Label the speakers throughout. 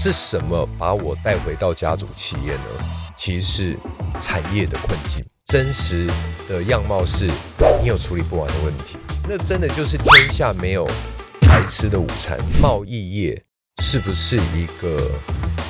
Speaker 1: 是什麼把我帶回到家族企業呢？其實是產業的困境，真實的樣貌是，你有處理不完的問題。那真的就是天下沒有白吃的午餐。貿易業是不是一個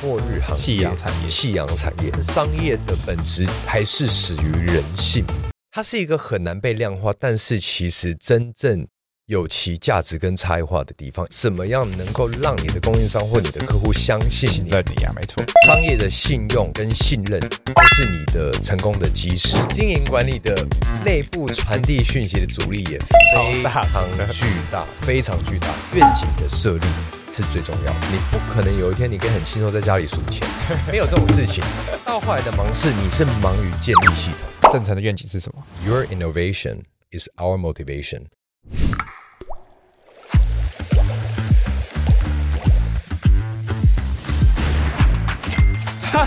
Speaker 1: 末日行業？夕陽產業。夕陽產業。商業的本質還是始於人性，它是一個很難被量化，但是其實真正。有其價值跟差異化的地方，怎麼樣能夠讓你的供應商或你的客戶相信你？那你呀、啊，沒錯。商業的信用跟信任，都是你的成功的基石。經營管理的內部傳遞訊息的阻力也非常巨大，非常巨大。願景的設立是最重要的。你不可能有一天你可以很輕鬆在家裡數錢，沒有這種事情。到後來的忙是，你是忙於建立系統。正成的願景是什麼？Your innovation is our motivation。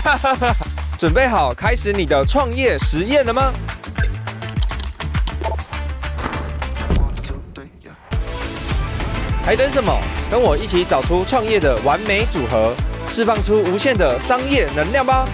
Speaker 2: 哈， 準備好開始你的創業實驗了嗎？還等什麼？跟我一起找出創業的完美組合，釋放出無限的商業能量吧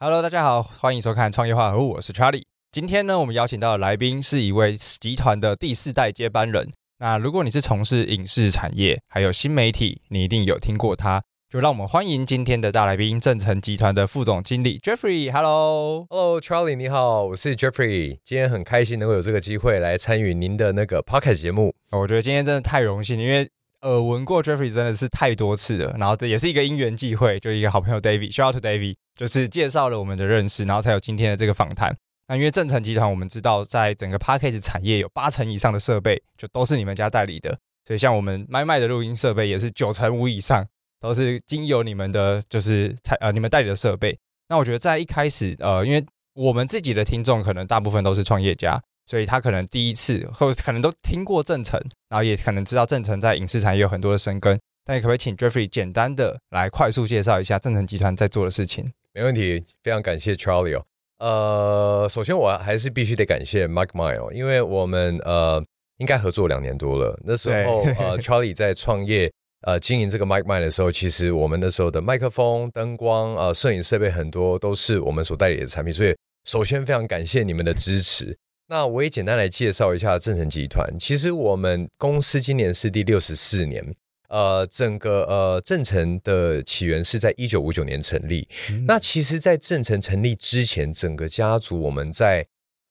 Speaker 2: ！Hello，大家好，歡迎收看《創業化合物》，我是 Charlie。今天呢，我們邀請到的來賓是一位集團的第四代接班人。那如果你是從事影視產業，還有新媒體，你一定有聽過他。就讓我們歡迎今天的大來賓——正成集團的副總經理 Jeffrey Hello!Hello，Hello Charlie，你好，我是 Jeffrey。今天很開心能夠有這個機會來參與您的那個 podcast 節目、啊。我覺得今天真的太榮幸，因為耳聞、呃、過 Jeffrey 真的是太多次了。然後這也是一個因緣際會，就一個好朋友 David，shout out to David，就是介紹了我們的認識，然後才有今天的這個訪談。那因為正成集團我們知道，在整個 podcast 產業有八成以上的設備就都是你們家代理的，所以像我們麥麥的錄音設備也是九成五以上。都是經由你們的，就是採呃你們代理的設備。那我覺得在一開始，呃，因為我們自己的聽眾可能大部分都是創業家，所以他可能第一次或可能都聽過正成，然後也可能知道正成在影視產業有很多的深耕。那你可不可以請 Jeffrey 簡單的來快速介紹一下正成集團在做的事情？沒問題，
Speaker 1: 非常感謝 Charlie 哦。呃，首先我還是必須得感謝 Mike Milo，因為我們呃應該合作兩年多了，那時候呃 Charlie 在創業。 呃，經營這個麥克麥的時候，其實我們那時候的麥克風、燈光、呃，攝影設備很多都是我們所代理的產品，所以首先非常感謝你們的支持。那我也簡單來介紹一下正成集團。其實我們公司今年是第六十四年，呃，整個呃正成的起源是在一九五九年成立。嗯。那其實，在正成成立之前，整個家族我們在。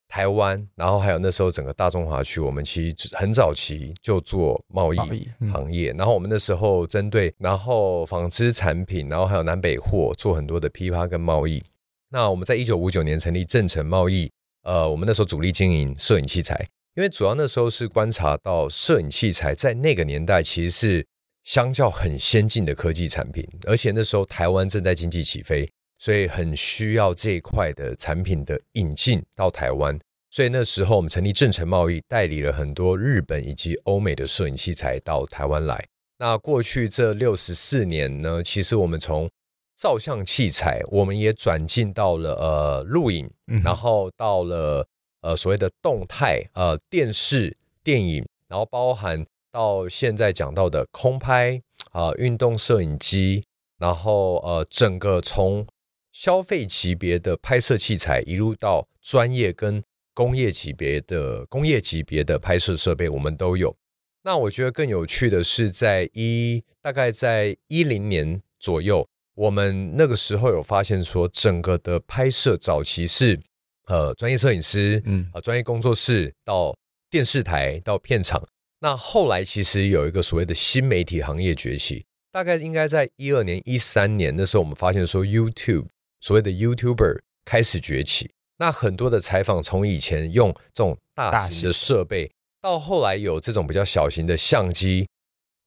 Speaker 1: 台灣，然後還有那時候整個大中華區，我們其實很早期就做貿易行業。然後我們那時候針對，然後紡織產品，然後還有南北貨，做很多的批發跟貿易。那我們在一九五九年成立正成貿易，呃，我們那時候主力經營攝影器材，因為主要那時候是觀察到攝影器材在那個年代其實是相較很先進的科技產品，而且那時候台灣正在經濟起飛。所以很需要這一塊的產品的引進到台灣，所以那時候我們成立正成貿易，代理了很多日本以及歐美的攝影器材到台灣來。那過去這六十四年呢，其實我們從照相器材，我們也轉進到了呃錄影，然後到了呃所謂的動態呃電視、電影，然後包含到現在講到的空拍啊、運動攝影機，然後呃整個從消費級別的拍攝器材，一路到專業跟工業級別的工業級別的拍攝設備，我們都有。那我覺得更有趣的是，在一大概在一零年左右，我們那個時候有發現說，整個的拍攝早期是呃專業攝影師，嗯，啊專業工作室到電視台到片場。那後來其實有一個所謂的新媒體行業崛起，大概應該在一二年一三年那時候，我們發現說 YouTube。所謂的 YouTuber 開始崛起，那很多的採訪從以前用這種大型的設備的，到後來有這種比較小型的相機，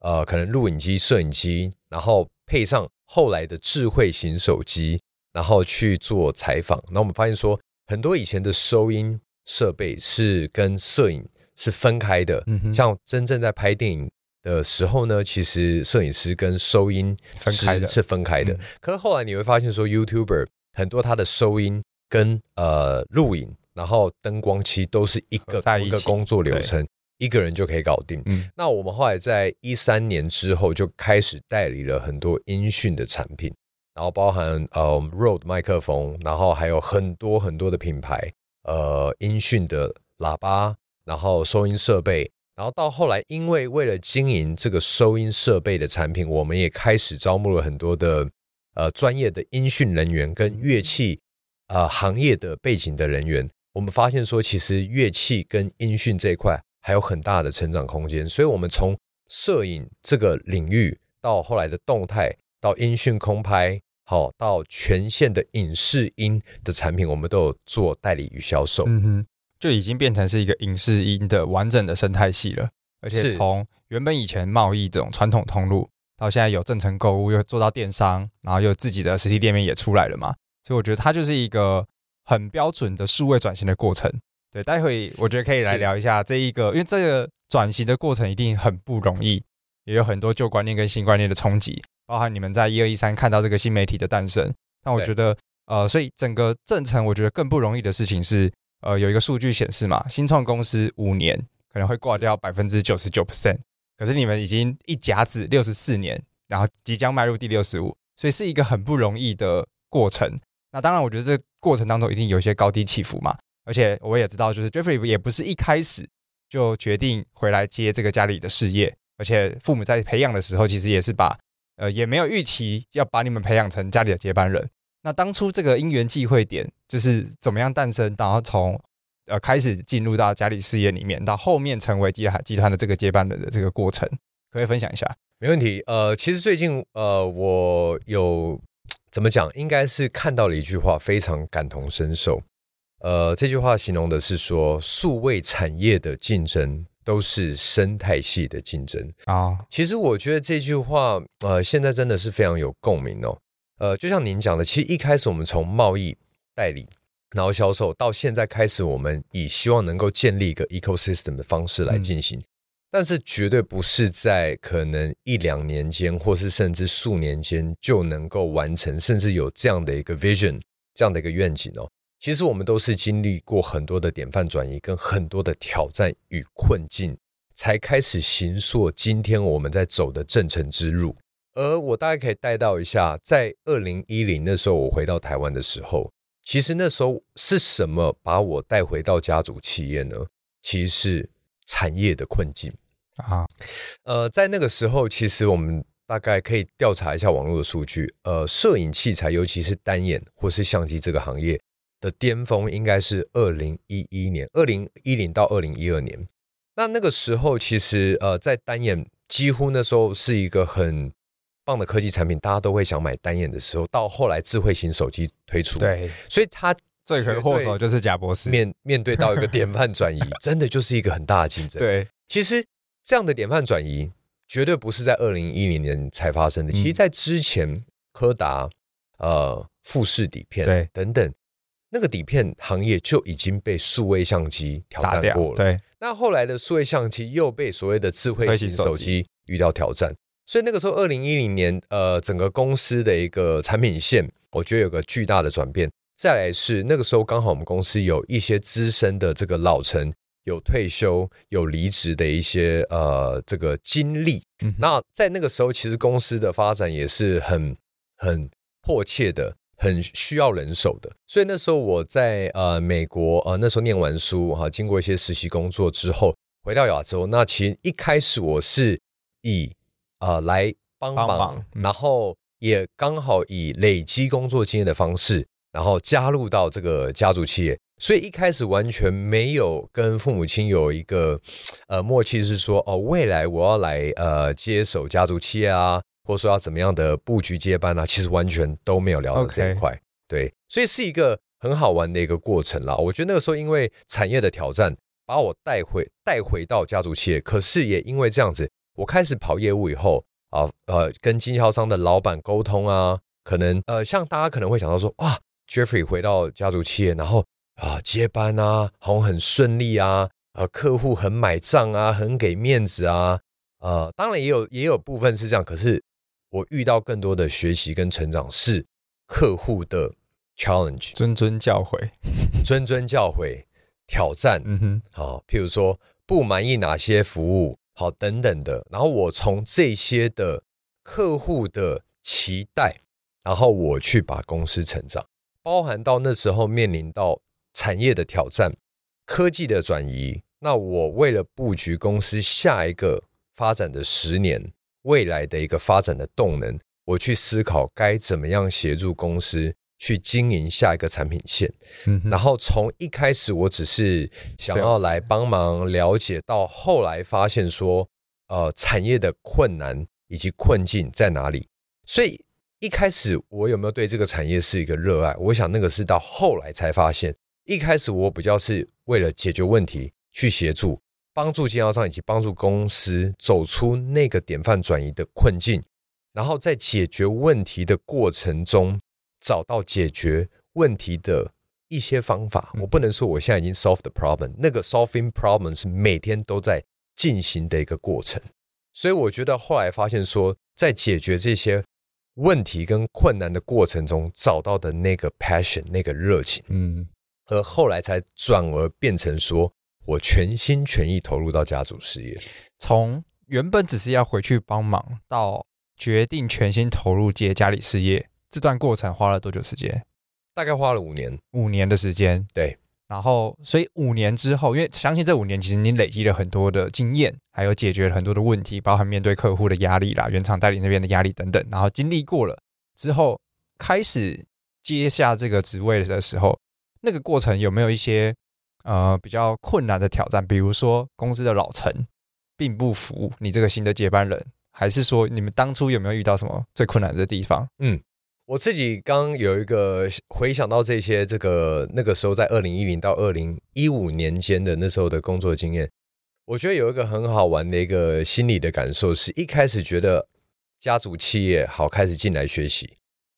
Speaker 1: 呃，可能錄影機、攝影機，然後配上後來的智慧型手機，然後去做採訪。那我們發現說，很多以前的收音設備是跟攝影是分開的、嗯，像真正在拍電影。的時候呢，其實攝影師跟收音是分開的，分開的。嗯。可是後來你會發現，說 YouTuber 很多他的收音跟、嗯、呃錄影，然後燈光師都是一個一,一個工作流程，一個人就可以搞定。嗯、那我們後來在一三年之後就開始代理了很多音訊的產品，然後包含呃 Rode 麥克風，然後還有很多很多的品牌呃音訊的喇叭，然後收音設備。然後到後來，因為為了經營這個收音設備的產品，我們也開始招募了很多的呃專業的音訊人員跟樂器啊、呃、行業的背景的人員。我們發現說，其實樂器跟音訊這一塊還有很大的成長空間，所以我們從攝影這個領域到後來的動態到音訊空拍，好到全線的影
Speaker 2: 視音的產品，我們都有做代理與銷售。嗯哼。就已經變成是一個影視音的完整的生態系了，而且從原本以前貿易這種傳統通路，到現在有正成購物又做到電商，然後又有自己的實體店面也出來了嘛，所以我覺得它就是一個很標準的數位轉型的過程。對，待會我覺得可以來聊一下這一個，因為這個轉型的過程一定很不容易，也有很多舊觀念跟新觀念的衝擊，包含你們在一二一三看到這個新媒體的誕生，但我覺得呃，所以整個正成我覺得更不容易的事情是。呃，有一個數據顯示嘛，新創公司五年可能會掛掉百分之九十九 percent，可是你們已經一甲子六十四年，然後即將邁入第六十五，所以是一個很不容易的過程。那當然，我覺得這個過程當中一定有一些高低起伏嘛。而且我也知道，就是 Jeffrey 也不是一開始就決定回來接這個家裡的事業，而且父母在培養的時候，其實也是把，呃，也沒有預期要把你們培養成家裡的接班人。那當初這個因緣際會點就是怎麼樣誕生，然後從呃開始進入到家裡事業裡面，到後面成為集團的這個接班人的這個過程，可以分享一下？
Speaker 1: 沒問題。呃，其實最近呃，我有怎麼講，應該是看到了一句話，非常感同身受。呃，這句話形容的是說，數位產業的競爭都是生態系的競爭啊。Oh. 其實我覺得這句話呃，現在真的是非常有共鳴哦。呃，就像您講的，其實一開始我們從貿易代理，然後銷售，到現在開始，我們以希望能夠建立一個 ecosystem 的方式來進行，嗯，但是絕對不是在可能一兩年間，或是甚至數年間就能夠完成，甚至有這樣的一個 vision，這樣的一個願景哦。其實我們都是經歷過很多的典範轉移，跟很多的挑戰與困境，才開始形塑今天我們在走的正成之路。而我大概可以帶到一下，在二零一零那時候，我回到台灣的時候，其實那時候是什麼把我帶回到家族企業呢？其實是產業的困境啊。呃，在那個時候，其實我們大概可以調查一下網絡的數據。呃，攝影器材，尤其是單眼或是相機這個行業的巔峰，應該是二零一一年，二零一零到二零一二年。那那個時候，其實呃，在單眼幾乎那時候是一個很。這樣的科技產品，大家都會想買單眼的時候，到後來智慧型手機推出，對，所以他罪魁禍首就是賈伯斯。面面對到一個典範轉移， 真的就是一個很大的競爭。對，其實這樣的典範轉移，絕對不是在二零一零年才發生的。嗯、其實，在之前，柯達、呃，富士底片等等對，那個底片行業就已經被數位相機挑戰過了。對，那後來的數位相機又被所謂的智慧型手機遇到挑戰。所以那個時候，二零一零年，呃，整個公司的一個產品線，我覺得有個巨大的轉變。再來是那個時候，剛好我們公司有一些資深的這個老臣有退休、有離職的一些呃這個經歷、嗯。那在那個時候，其實公司的發展也是很很迫切的，很需要人手的。所以那時候我在呃美國呃，那時候念完書哈、啊，經過一些實習工作之後回到亞洲。那其實一開始我是以呃，來幫忙，幫忙，嗯，然後也剛好以累積工作經驗的方式，然後加入到這個家族企業。所以一開始完全沒有跟父母親有一個呃默契，是說哦，未來我要來呃接手家族企業啊，或者說要怎麼樣的布局接班啊，其實完全都沒有聊到這一塊。Okay. 對，所以是一個很好玩的一個過程啦。我覺得那個時候因為產業的挑戰，把我帶回帶回到家族企業，可是也因為這樣子。我開始跑業務以後啊、呃，呃，跟經銷商的老闆溝通啊，可能呃，像大家可能會想到說，哇，Jeffrey 回到家族企業，然後啊、呃，接班啊，好像很順利啊，啊、呃，客戶很買賬啊，很給面子啊，呃，當然也有也有部分是這樣，可是我遇到更多的學習跟成長是客戶的 challenge，
Speaker 2: 諄諄教誨，
Speaker 1: 諄 諄教誨挑戰，嗯哼，好、呃，譬如說不滿意哪些服務。好，等等的。然後我從這些的客戶的期待，然後我去把公司成長，包含到那時候面臨到產業的挑戰、科技的轉移。那我為了布局公司下一個發展的十年，未來的一個發展的動能，我去思考該怎麼樣協助公司。去經營下一個產品線，嗯，然後從一開始我只是想要來幫忙了解，到後來發現說，呃，產業的困難以及困境在哪裡。所以一開始我有沒有對這個產業是一個熱愛？我想那個是到後來才發現。一開始我比較是為了解決問題去協助幫助經銷商以及幫助公司走出那個典範轉移的困境，然後在解決問題的過程中。找到解決問題的一些方法。嗯，我不能說我現在已經 solve the problem。那個 solving problem 是每天都在進行的一個過程，所以我覺得後來發現說，在解決這些問題跟困難的過程中，找到的那個 passion 那個熱情，嗯，而後來才轉而變成說我全心
Speaker 2: 全意投入到家族事業，從原本只是要回去幫忙，到決定全心投入接家裡事業。這段過程花了多久時間？
Speaker 1: 大概花了五年，
Speaker 2: 五年的時間。對，然後所以五年之後，因為相信這五年其實你累積了很多的經驗，還有解決了很多的問題，包含面對客戶的壓力啦、原廠代理那邊的壓力等等。然後經歷過了之後，開始接下這個職位的時候，那個過程有沒有一些呃比較困難的挑戰？比如說公司的老臣並不服你這個新的接班人，還是說你們當初有沒有遇到什麼最困難的地方？嗯。
Speaker 1: 我自己剛有一個回想到這些，這個那個時候在二零一零到二零一五年間的那時候的工作經驗，我覺得有一個很好玩的一個心理的感受，是一開始覺得家族企業好，開始進來學習。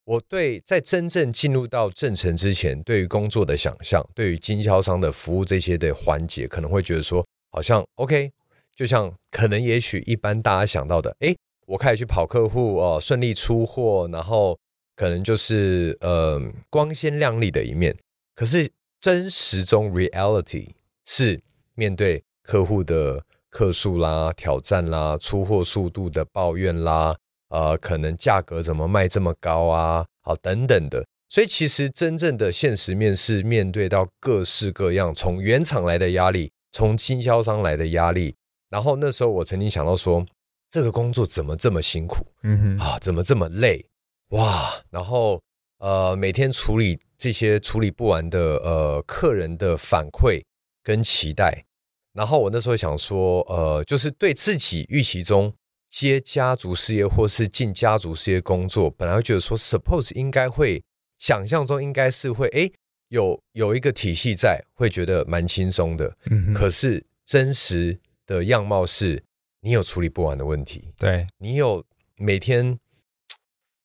Speaker 1: 我對在真正進入到正成之前，對於工作的想象，對於經銷商的服務這些的環節，可能會覺得說好像 OK，就像可能也許一般大家想到的，誒，我開始去跑客戶哦、呃，順利出貨，然後。可能就是嗯、呃、光鮮亮麗的一面，可是真實中 reality 是面對客戶的客訴啦、挑戰啦、出貨速度的抱怨啦，啊、呃，可能價格怎麼賣這麼高啊？好，等等的。所以其實真正的現實面是面對到各式各樣從原廠來的壓力，從經銷商來的壓力。然後那時候我曾經想到說，這個工作怎麼這麼辛苦？嗯哼，啊，怎麼這麼累？哇，然後呃，每天處理這些處理不完的呃客人的反饋跟期待，然後我那時候想說，呃，就是對自己預期中接家族事業或是進家族事業工作，本來會覺得說，suppose 應該會想象中應該是會哎有有一個體系在，會覺得蠻輕鬆的。嗯哼，可是真實的樣貌是，你有處理不完的問題，對你有每天。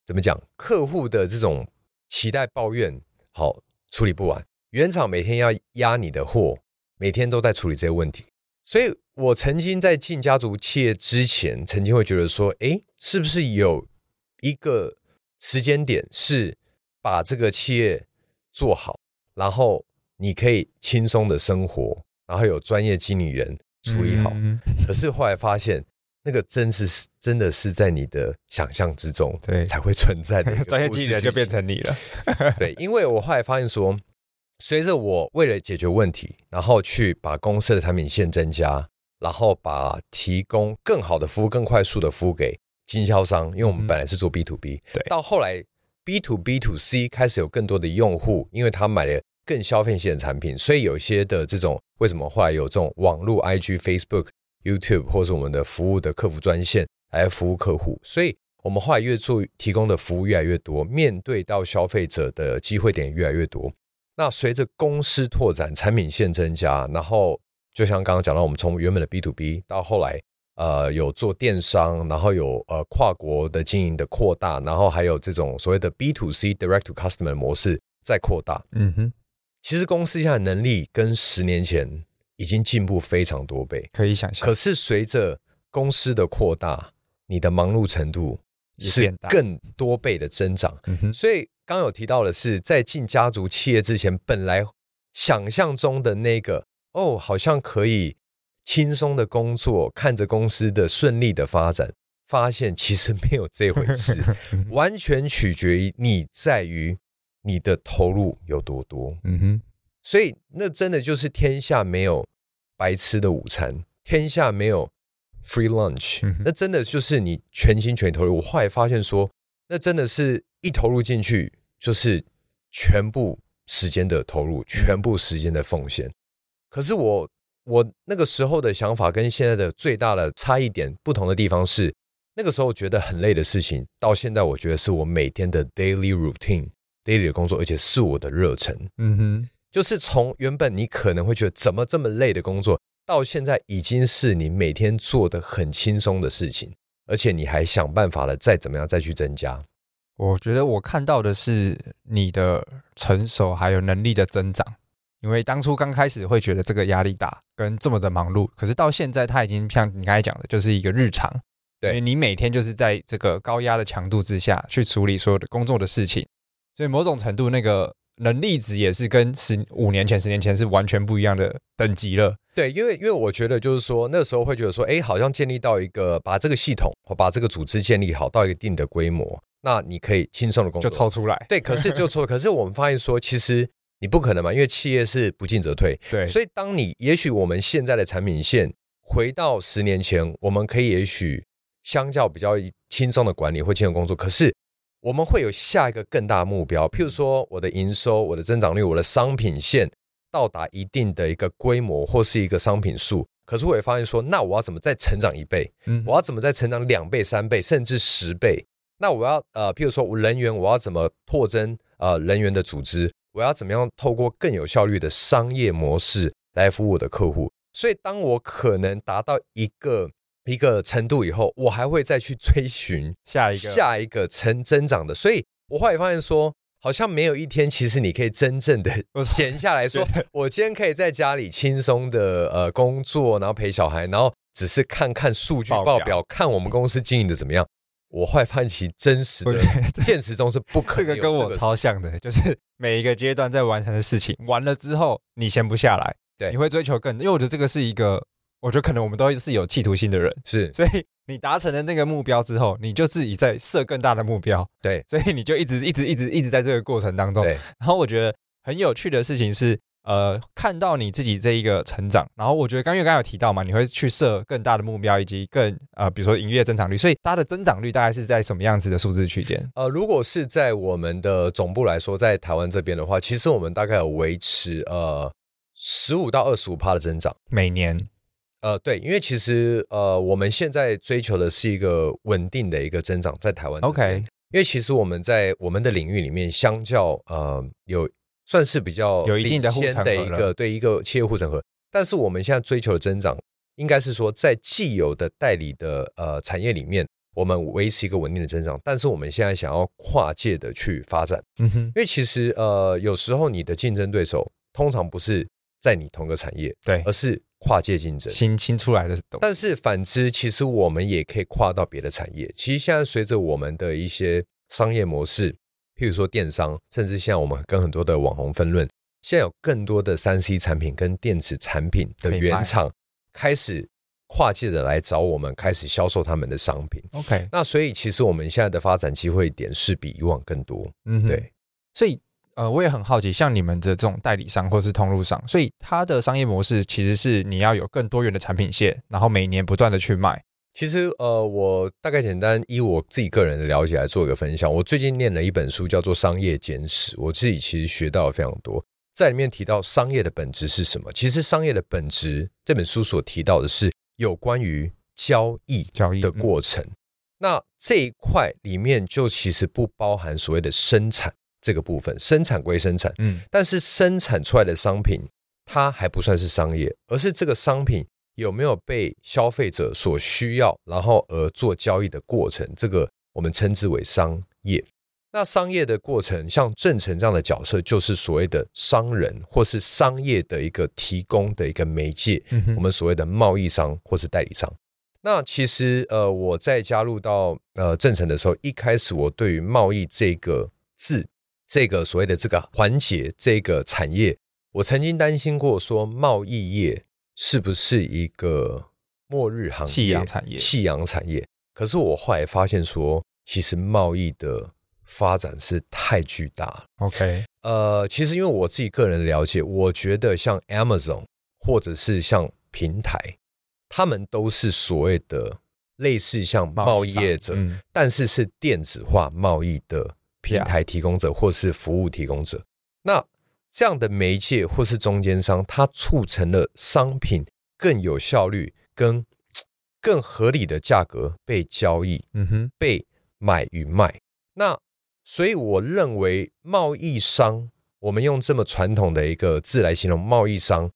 Speaker 1: 怎麼講？客戶的這種期待、抱怨，好處理不完。原廠每天要壓你的貨，每天都在處理這些問題。所以我曾經在進家族企業之前，曾經會覺得說：“哎，是不是有一個時間點是把這個企業做好，然後你可以輕鬆的生活，然後有專業經理人處理好？”嗯。可是後來發現。那個真是真的是在你的想象之中，對，才會存在的專業技能就變成你了。對，因為我後來發現說，隨着我為了解決問題，然後去把公司的產品線增加，然後把提供更好的服務、更快速的服務給經銷商，因為我們本來是做 B to B，對，到後來 B to B to C 開始有更多的用戶，因為他買了更消費性的產品，所以有一些的這種為什麼後來有這種網絡 IG Facebook。YouTube 或是我們的服務的客服專線來服務客戶，所以我們後來越做提供的服務越來越多，面對到消費者的機會點越來越多。那隨着公司拓展產品線增加，然後就像剛剛講到，我們從原本的 B to B 到後來呃有做電商，然後有呃跨國的經營的擴大，然後還有這種所謂的 B to C direct to customer 模式在擴大。嗯哼，其實公司現在能力跟十年前，已經進步非常多倍，可以想象。可是隨着公司的擴大，你的忙碌程度是更多倍的增長。所以剛有提到的是，在進家族企業之前，本來想象中的那個哦，好像可以輕鬆的工作，看着公司的順利的發展，發現其實沒有這回事， 完全取決於你在於你的投入有多多。嗯哼。所以，那真的就是天下沒有白吃的午餐，天下沒有 free lunch。那真的就是你全心全意投入。我後來發現說，那真的是一投入進去就是全部時間的投入，全部時間的奉獻。可是我我那個時候的想法跟現在的最大的差異點不同的地方是，那個時候覺得很累的事情，到現在我覺得是我每天的 daily routine，daily 的工作，而且是我的熱忱。嗯哼。就是從原本你可能會覺得怎麼這麼累的工作，到現在已經是你每天做的很輕鬆的事情，而且你還想辦法了再怎
Speaker 2: 麼樣再去增加。我覺得我看到的是你的成熟還有能力的增長，因為當初剛開始會覺得這個壓力大跟這麼的忙碌，可是到現在它已經像你剛才講的，就是一個日常，對，對你每天就是在這個高壓的強度之下去處理所有的工作的事情，所以某種程度那個。能力值也是跟十五年前、十年前是完全不一樣的等級了。
Speaker 1: 對，因為因為我覺得就是說，那時候會覺得說，哎，好像建立到一個把這個系統、把這個組織建立好到一定的規模，那你可以輕鬆的工作就超出來。對，可是就錯， 可是我們發現說，其實你不可能嘛，因為企業是不進則退。對，所以當你也許我們現在的產品線回到十年前，我們可以也許相較比較輕鬆的管理，或輕鬆工作，可是。我們會有下一個更大的目標，譬如說我的營收、我的增長率、我的商品線到達一定的一個規模或是一個商品數。可是我也發現說，那我要怎麼再成長一倍？嗯，我要怎麼再成長兩倍、三倍，甚至十倍？那我要呃，譬如說我人員，我要怎麼拓增呃，人員的組織，我要怎麼樣透過更有效率的商業模式來服務我的客戶？所以，當我可能達到一個。一個程度以後，我還會再去追尋下一個下一個成增長的。所以我後來發現說，好像沒有一天，其實你可以真正的閒下來說，我今天可以在家裡輕鬆的呃工作，然後陪小孩，然後只是看看數據報表、報表，看我們公司經營的怎麼樣。我後來發
Speaker 2: 現真實的現實中是不可能有這。這個跟我超像的，就是每一個階段在完成的事情完了之後，你閒不下來，對，你會追求更因為我覺得這個是一個。我覺得可能我們都是有企圖心的人，是，所以你達成了那個目標之後，你就自己在設更大的目標，對，所以你就一直一直一直一直在這個過程當中。然後我覺得很有趣的事情是，呃，看到你自己這一個成長。然後我覺得剛剛剛有提到嘛，你會去設更大的目標，以及更呃，比如說營業增長率。所以它的增長率大概是在什麼樣子的數字區間？
Speaker 1: 呃，如果是在我們的總部來說，在台灣這邊的話，其實我們大概有維持呃十五到二十五趴的增長，每年。呃，對，因為其實呃，我們現在追求的是一個穩定的一個增長，在台灣。OK，因為其實我們在我們的領域裡面，相較呃，有算是比較一有一定的領先的一個對一個企業護城河。但是我們現在追求的增長，應該是說在既有的代理的呃產業裡面，我們維持一個穩定的增長。但是我們現在想要跨界的去發展，嗯哼，因為其實呃，有時候你的競爭對手通常不是在你同一個產業，對，而是。跨界競爭，新新出來的東西，但是反之，其實我們也可以跨到別的產業。其實現在隨着我們的一些商業模式，譬如說電商，甚至像我們跟很多的網紅分論，現在有更多的三 C 產品跟電子產品的原廠開始跨界的來找我們，開始銷售他們的商品。OK，那所以其實我們現在的發展機會點是比以往更多。
Speaker 2: 嗯，對，所以。呃，我也很好奇，像你們的這種代理商或是通路商，所以它的商業模式其實是你要有更多元的產品線，然後每年不斷的去賣。
Speaker 1: 其實，呃，我大概簡單以我自己個人的了解來做一個分享。我最近念了一本書，叫做《商業簡史》，我自己其實學到了非常多，在裡面提到商業的本質是什麼。其實，商業的本質這本書所提到的是有關於交易，交易的過程，嗯。那這一塊裡面就其實不包含所謂的生產。這個部分生產歸生產，嗯，但是生產出來的商品，它還不算是商業，而是這個商品有沒有被消費者所需要，然後而做交易的過程，這個我們稱之為商業。那商業的過程，像正成這樣的角色，就是所謂的商人，或是商業的一個提供的一個媒介，嗯哼，我們所謂的貿易商或是代理商。那其實呃，我在加入到呃正成的時候，一開始我對於貿易這個字。這個所謂的這個環節，這個產業，我曾經擔心過，說貿易業是不是一個末日行業？夕陽產業，夕陽產業。可是我後來發現說，說其實貿易的發展是太巨大了。OK，呃，其實因為我自己個人了解，我覺得像 Amazon 或者是像平台，他們都是所謂的類似像貿易業者，嗯，但是是電子化貿易的。平台提供者或是服務提供者，那這樣的媒介或是中間商，它促成了商品更有效率跟更合理的價格被交易。嗯哼，被買與賣。那所以我認為貿易商，我們用這麼傳統的一個字來形容貿易商，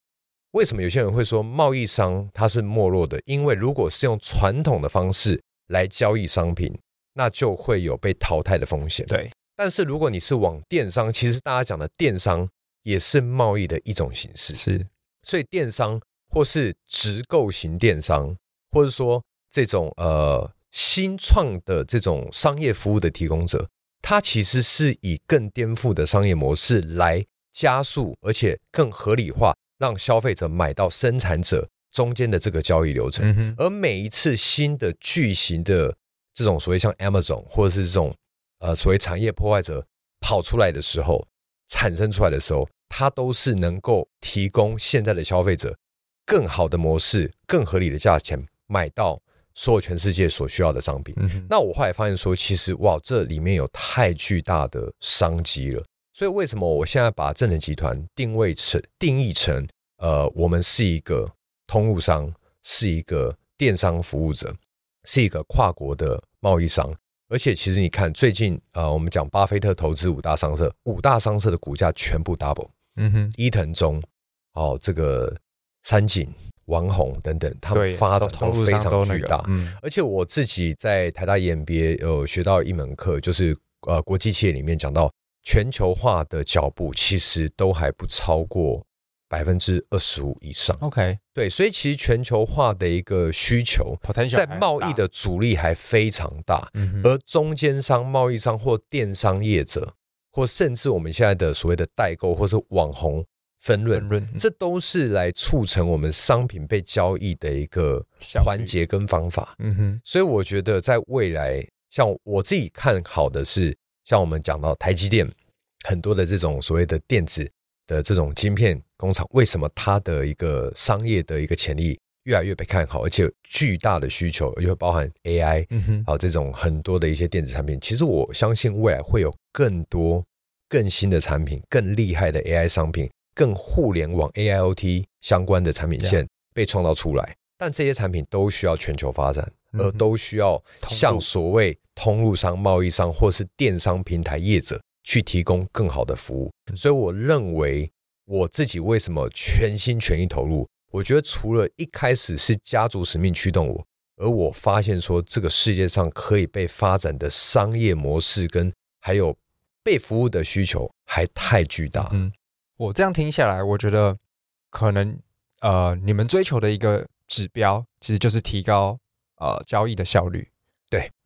Speaker 1: 為什麼有些人會說貿易商它是沒落的？因為如果是用傳統的方式來交易商品，那就會有被淘汰的風險。對。但是如果你是往電商，其實大家講的電商也是貿易的一種形式，是。所以電商或是直購型電商，或者說這種呃新創的這種商業服務的提供者，它其實是以更顛覆的商業模式來加速，而且更合理化，讓消費者買到生產者中間的這個交易流程。嗯、而每一次新的巨型的這種所謂像 Amazon 或者是這種。呃，所謂產業破壞者，跑出來的時候，產生出來的時候，它都是能夠提供現在的消費者更好的模式，更合理的價錢，買到所有全世界所需要的商品。嗯哼。那我後來發現說，其實哇，這裡面有太巨大的商機了。所以為什麼我現在把正成集團定位成，定義成，呃，我們是一個通路商，是一個電商服務者，是一個跨國的貿易商。而且其實你看，最近啊、呃，我們講巴菲特投資五大商社，五大商社的股價全部 double。嗯哼，伊藤忠，哦，這個三井、丸紅等等，他們發展都非常巨大。那個、嗯，而且我自己在台大 EMBA 有學到一門課，就是呃，國際企業裡面講到，全球化的腳步其實都還不超過百分之二十五以上。OK，對，所以其實全球化的一個需求，在貿易的阻力還非常大，大嗯、而中間商、貿易商或電商業者，或甚至我們現在的所謂的代購，或是網紅分潤、嗯、這都是來促成我們商品被交易的一個環節跟方法。嗯哼，所以我覺得在未來，像我自己看好的是，像我們講到台積電很多的這種所謂的電子。的這種晶片工廠，為什麼它的一個商業的一個潛力越來越被看好，而且有巨大的需求又包含 AI，、嗯、哼啊，這種很多的一些電子產品，其實我相信未來會有更多更新的產品、更厲害的 AI 商品、更互聯網 AIOT 相關的產品線被創造出來、嗯，但這些產品都需要全球發展，而都需要像所謂通路商、貿易商或是電商平台業者。去提供更好的服務，所以我認為我自己為什麼全心全意投入？我覺得除了一開始是家族使命驅動我，而我發現說這個世界上可以被發展的商
Speaker 2: 業模式跟還有被服務的需求還太巨大。嗯，我這樣聽下來，我覺得可能呃，你們追求的一個指標其實就是提高呃交易的效率。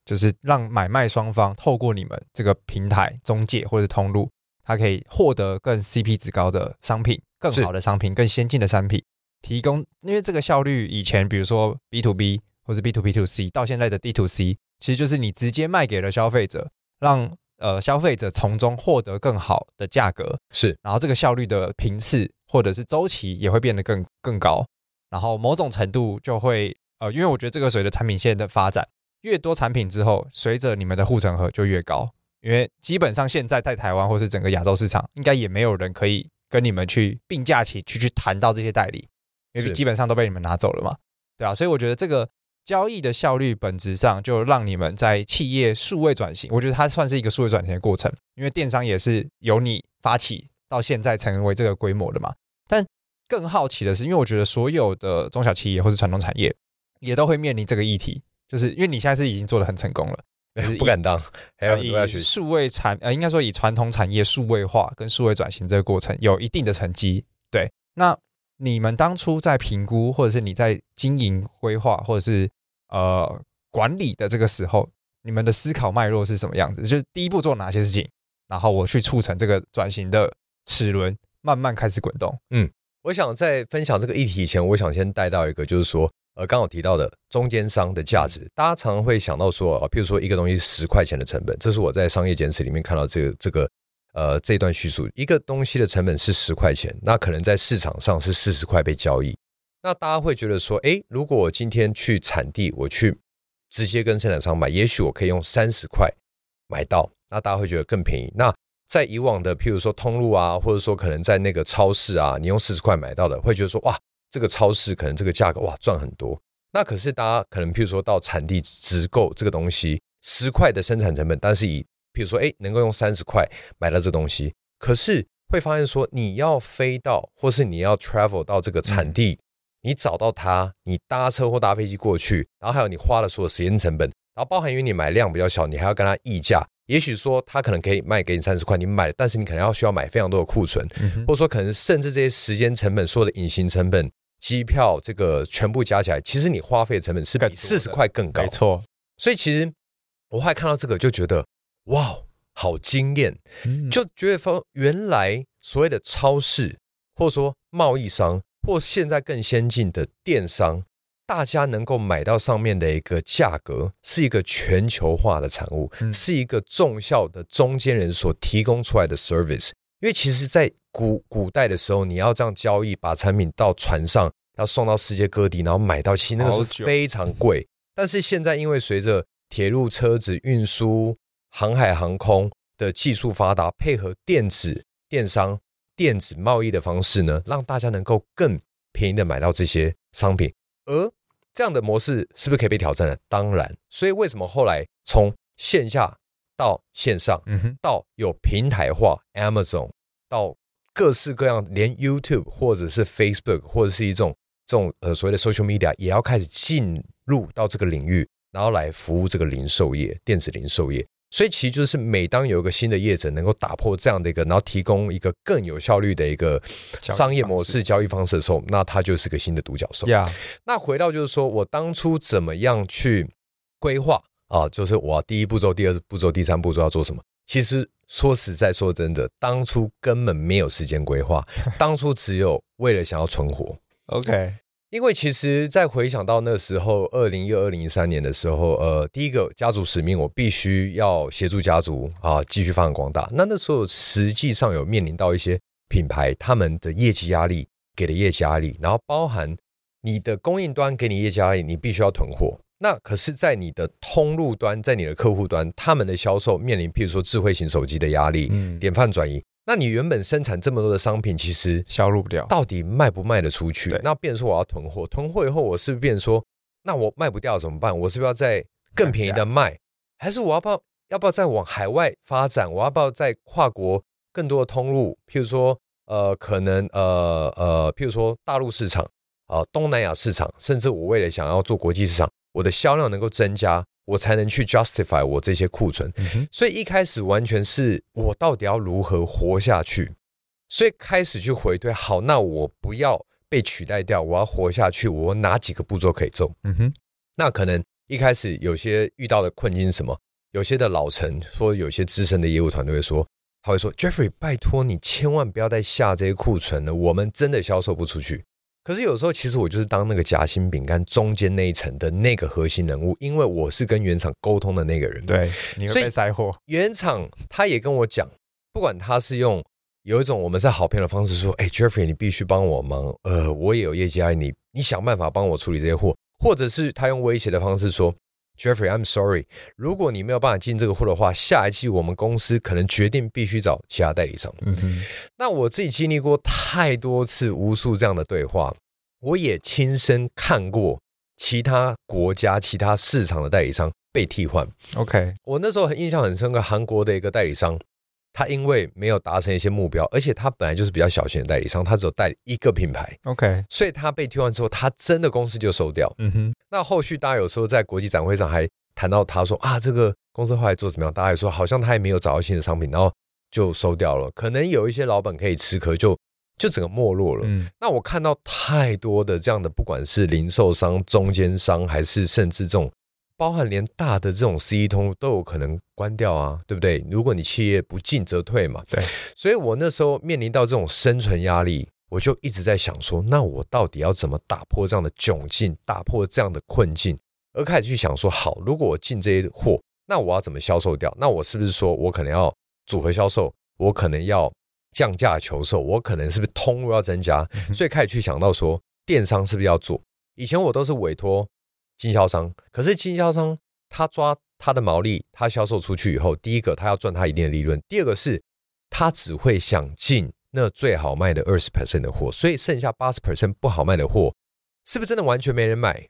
Speaker 2: 就是讓買賣雙方透過你們這個平台中介或者通路，他可以獲得更 CP 值高的商品、更好的商品、更先進的商品。提供，因為這個效率以前，比如說 B to B 或是 B to B to C 到現在的 D to C，其實就是你直接賣給了消費者，讓呃消費者從中獲得更好的價格，是。然後這個效率的頻次或者是周期也會變得更更高，然後某種程度就會呃，因為我覺得這個隨着產品線的發展。越多產品之後，隨着你們的護城河就越高，因為基本上現在在台灣或是整個亞洲市場，應該也沒有人可以跟你們去並駕齊驅去談到這些代理，因為基本上都被你們拿走了嘛，對啊，所以我覺得這個交易的效率本質上就讓你們在企業數位轉型，我覺得它算是一個數位轉型的過程，因為電商也是由你發起到現在成為這個規模的嘛。但更好奇的是，因為我覺得所有的中小企業或是傳統產業也都會面臨這個議題。就是因為你現在是已經做得很成功了，不敢當。還要以數位產，呃，應該說以傳統產業數位化跟數位轉型這個過程，有一定的成績。對，那你們當初在評估，或者是你在經營規劃，或者是呃管理的這個時候，你們的思考脈絡是什麼樣子？就是第一步做哪些事情，然後我去促成這個轉型的齒輪慢慢開始滾動。嗯，我想在分享這個議題以前，我想先帶到一個，就是說。
Speaker 1: 而剛好提到的中間商的價值，大家常常會想到說啊，譬如說一個東西十塊錢的成本，這是我在商業簡史裡面看到這個這個呃這段敘述，一個東西的成本是十塊錢，那可能在市場上是四十塊被交易。那大家會覺得說，哎，如果我今天去產地，我去直接跟生產商買，也許我可以用三十塊買到，那大家會覺得更便宜。那在以往的譬如說通路啊，或者說可能在那個超市啊，你用四十塊買到的，會覺得說哇。這個超市可能這個價格哇賺很多，那可是大家可能譬如說到產地直購這個東西，十塊的生產成本，但是以譬如說哎能夠用三十塊買到這個東西，可是會發現說你要飛到或是你要 travel 到這個產地，你找到它，你搭車或搭飛機過去，然後還有你花了所有時間成本，然後包含於你買量比較小，你還要跟它議價。也許說他可能可以賣給你三十塊，你買，但是你可能要需要買非常多的庫存，嗯，或者說可能甚至這些時間成本、所有的隱形成本、機票這個全部加起來，其實你花費的成本是比四十塊更高。更沒錯，所以其實我後來看到這個就覺得哇，好驚艷。嗯嗯，就覺得說原來所謂的超市，或者說貿易商，或現在更先進的電商。大家能夠買到上面的一個價格，是一個全球化的產物，嗯、是一個重效的中間人所提供出來的 service。因為其實，在古古代的時候，你要這樣交易，把產品到船上，要送到世界各地，然後買到，其實那個是非常貴。但是現在，因為隨着鐵路、車子運輸、航海、航空的技術發達，配合電子、電商、電子貿易的方式呢，讓大家能夠更便宜的買到這些商品，而這樣的模式是不是可以被挑戰呢？當然，所以為什麼後來從線下到線上，嗯哼，到有平台化，Amazon，到各式各樣，連 YouTube 或者是 Facebook 或者是一種這種呃所謂的 Social Media 也要開始進入到這個領域，然後來服務這個零售業，電子零售業。所以其實就是，每當有一個新的業者能夠打破這樣的一個，然後提供一個更有效率的一個商業模式、交易方式的時候，那他就是個新的獨角獸。Yeah. 那回到就是說我當初怎麼樣去規劃啊？就是我第一步驟、第二步驟、第三步驟要做什麼？其實說實在、說真的，當初根本沒有時間規劃，當初只有為了想要存活。OK。因為其實在回想到那時候，二零一二零一三年的時候，呃，第一個家族使命，我必須要協助家族啊繼續發揚光大。那那時候實際上有面臨到一些品牌他們的業績壓力，給的業績壓力，然後包含你的供應端給你業績壓力，你必須要囤貨。那可是，在你的通路端，在你的客戶端，他們的銷售面臨，譬如說智慧型手機的壓力，嗯，典範轉移。那你原本生產這麼多的商品，其實銷路不掉，到底賣不賣得出去？那變成說我要囤貨，囤貨以後，我是不是變成說，那我賣不掉怎麼辦？我是不是要再更便宜的賣，還是我要不要要不要再往海外發展？我要不要再跨國更多的通路？譬如說，呃，可能呃、呃，譬如說大陸市場啊、呃，東南亞市場，甚至我為了想要做國際市場，我的銷量能夠增加。我才能去 justify 我這些庫存，所以一開始完全是我到底要如何活下去，所以開始去回推，好，那我不要被取代掉，我要活下去，我哪幾個步驟可以做？嗯哼，那可能一開始有些遇到的困境是什麼？有些的老臣說，有些資深的業務團隊會說，他會說，Jeffrey，拜託你千萬不要再下這些庫存了，我們真的銷售不出去。可是有時候，其實我就是當那個夾心餅乾中間那一層的那個核心人物，因為我是跟原廠溝通的那個人。對，你又在塞貨。原廠他也跟我講，不管他是用有一種我們是好朋友的方式說：“誒、欸、Jeffrey 你必須幫我忙，呃，我也有業績壓力，你你想辦法幫我處理這些貨。”或者是他用威脅的方式說。Jeffrey，I'm sorry，如果你沒有辦法進這個貨的話，下一季我們公司可能決定必須找其他代理商。嗯哼，那我自己經歷過太多次，無數這樣的對話，我也親身看過其他國家、其他市場的代理商被替換。OK，我那時候很印象很深刻的韓國的一個代理商。他因為沒有達成一些目標，而且他本來就是比較小型的代理商，他只有帶一個品牌，OK，所以他被踢完之後，他真的公司就收掉。嗯哼，那後續大家有時候在國際展會上還談到，他說啊，這個公司後來做什麼樣？大家也說好像他也沒有找到新的商品，然後就收掉了。可能有一些老闆可以吃可就就整個沒落了。嗯，那我看到太多的這樣的，不管是零售商、中間商，還是甚至這種。包含連大的這種 C E 通路都有可能關掉啊，對不對？如果你企業不進則退嘛，對。所以我那時候面臨到這種生存壓力，我就一直在想說，那我到底要怎麼打破這樣的窘境，打破這樣的困境？而開始去想說，好，如果我進這些貨，那我要怎麼銷售掉？那我是不是說我可能要組合銷售？我可能要降價求售？我可能是不是通路要增加？所以開始去想到說，電商是不是要做？以前我都是委託。經銷商，可是經銷商他抓他的毛利，他銷售出去以後，第一個他要賺他一定的利潤，第二個是，他只會想進那最好賣的二十%的貨，所以剩下八十%不好賣的貨，是不是真的完全沒人買？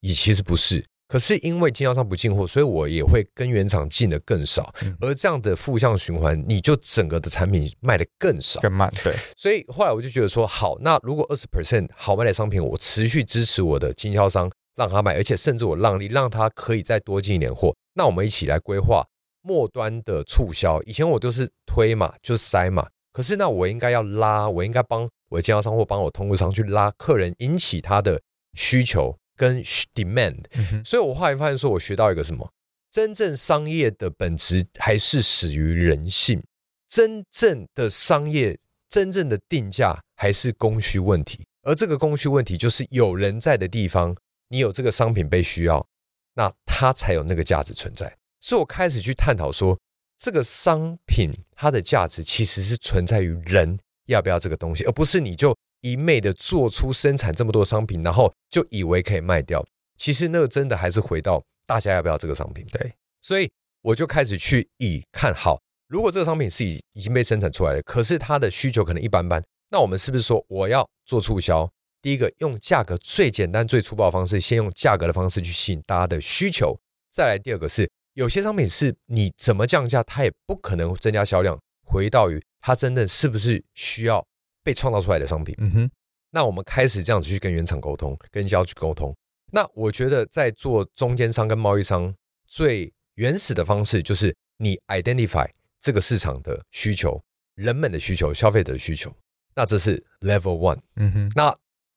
Speaker 1: 也其實不是，可是因為經銷商不進貨，所以我也會跟原廠進的更少，嗯，而這樣的負向循環，你就整個的產品賣的更少，更慢，對。所以後來我就覺得說，好，那如果二十%好賣的商品，我持續支持我的經銷商。讓他買，而且甚至我讓利，讓他可以再多進一點貨。那我們一起來規劃末端的促銷。以前我都是推嘛，就是塞嘛。可是那我應該要拉，我應該幫我的經銷商或幫我通路商去拉客人，引起他的需求跟 demand。嗯、所以我後來發現，說我學到一個什麼，真正商業的本質還是始於人性，真正的商業真正的定價還是供需問題。而這個供需問題，就是有人在的地方。你有這個商品被需要，那它才有那個價值存在。所以我開始去探討說，這個商品它的價值其實是存在於人要不要這個東西，而不是你就一昧的做出生產這麼多商品，然後就以為可以賣掉。其實那個真的還是回到大家要不要這個商品。對，所以我就開始去以看好，如果這個商品是已，已經被生產出來了，可是它的需求可能一般般，那我們是不是說我要做促銷？第一個用價格最簡單、最粗暴的方式，先用價格的方式去吸引大家的需求，再來第二個是有些商品是你怎麼降價，它也不可能增加銷量。回到於它真的是不是需要被創造出來的商品？嗯哼，那我們開始這樣子去跟原廠溝通，跟經銷商去溝通。那我覺得在做中間商跟貿易商最原始的方式，就是你 identify 這個市場的需求、人們的需求、消費者的需求。那這是 level one。嗯哼，那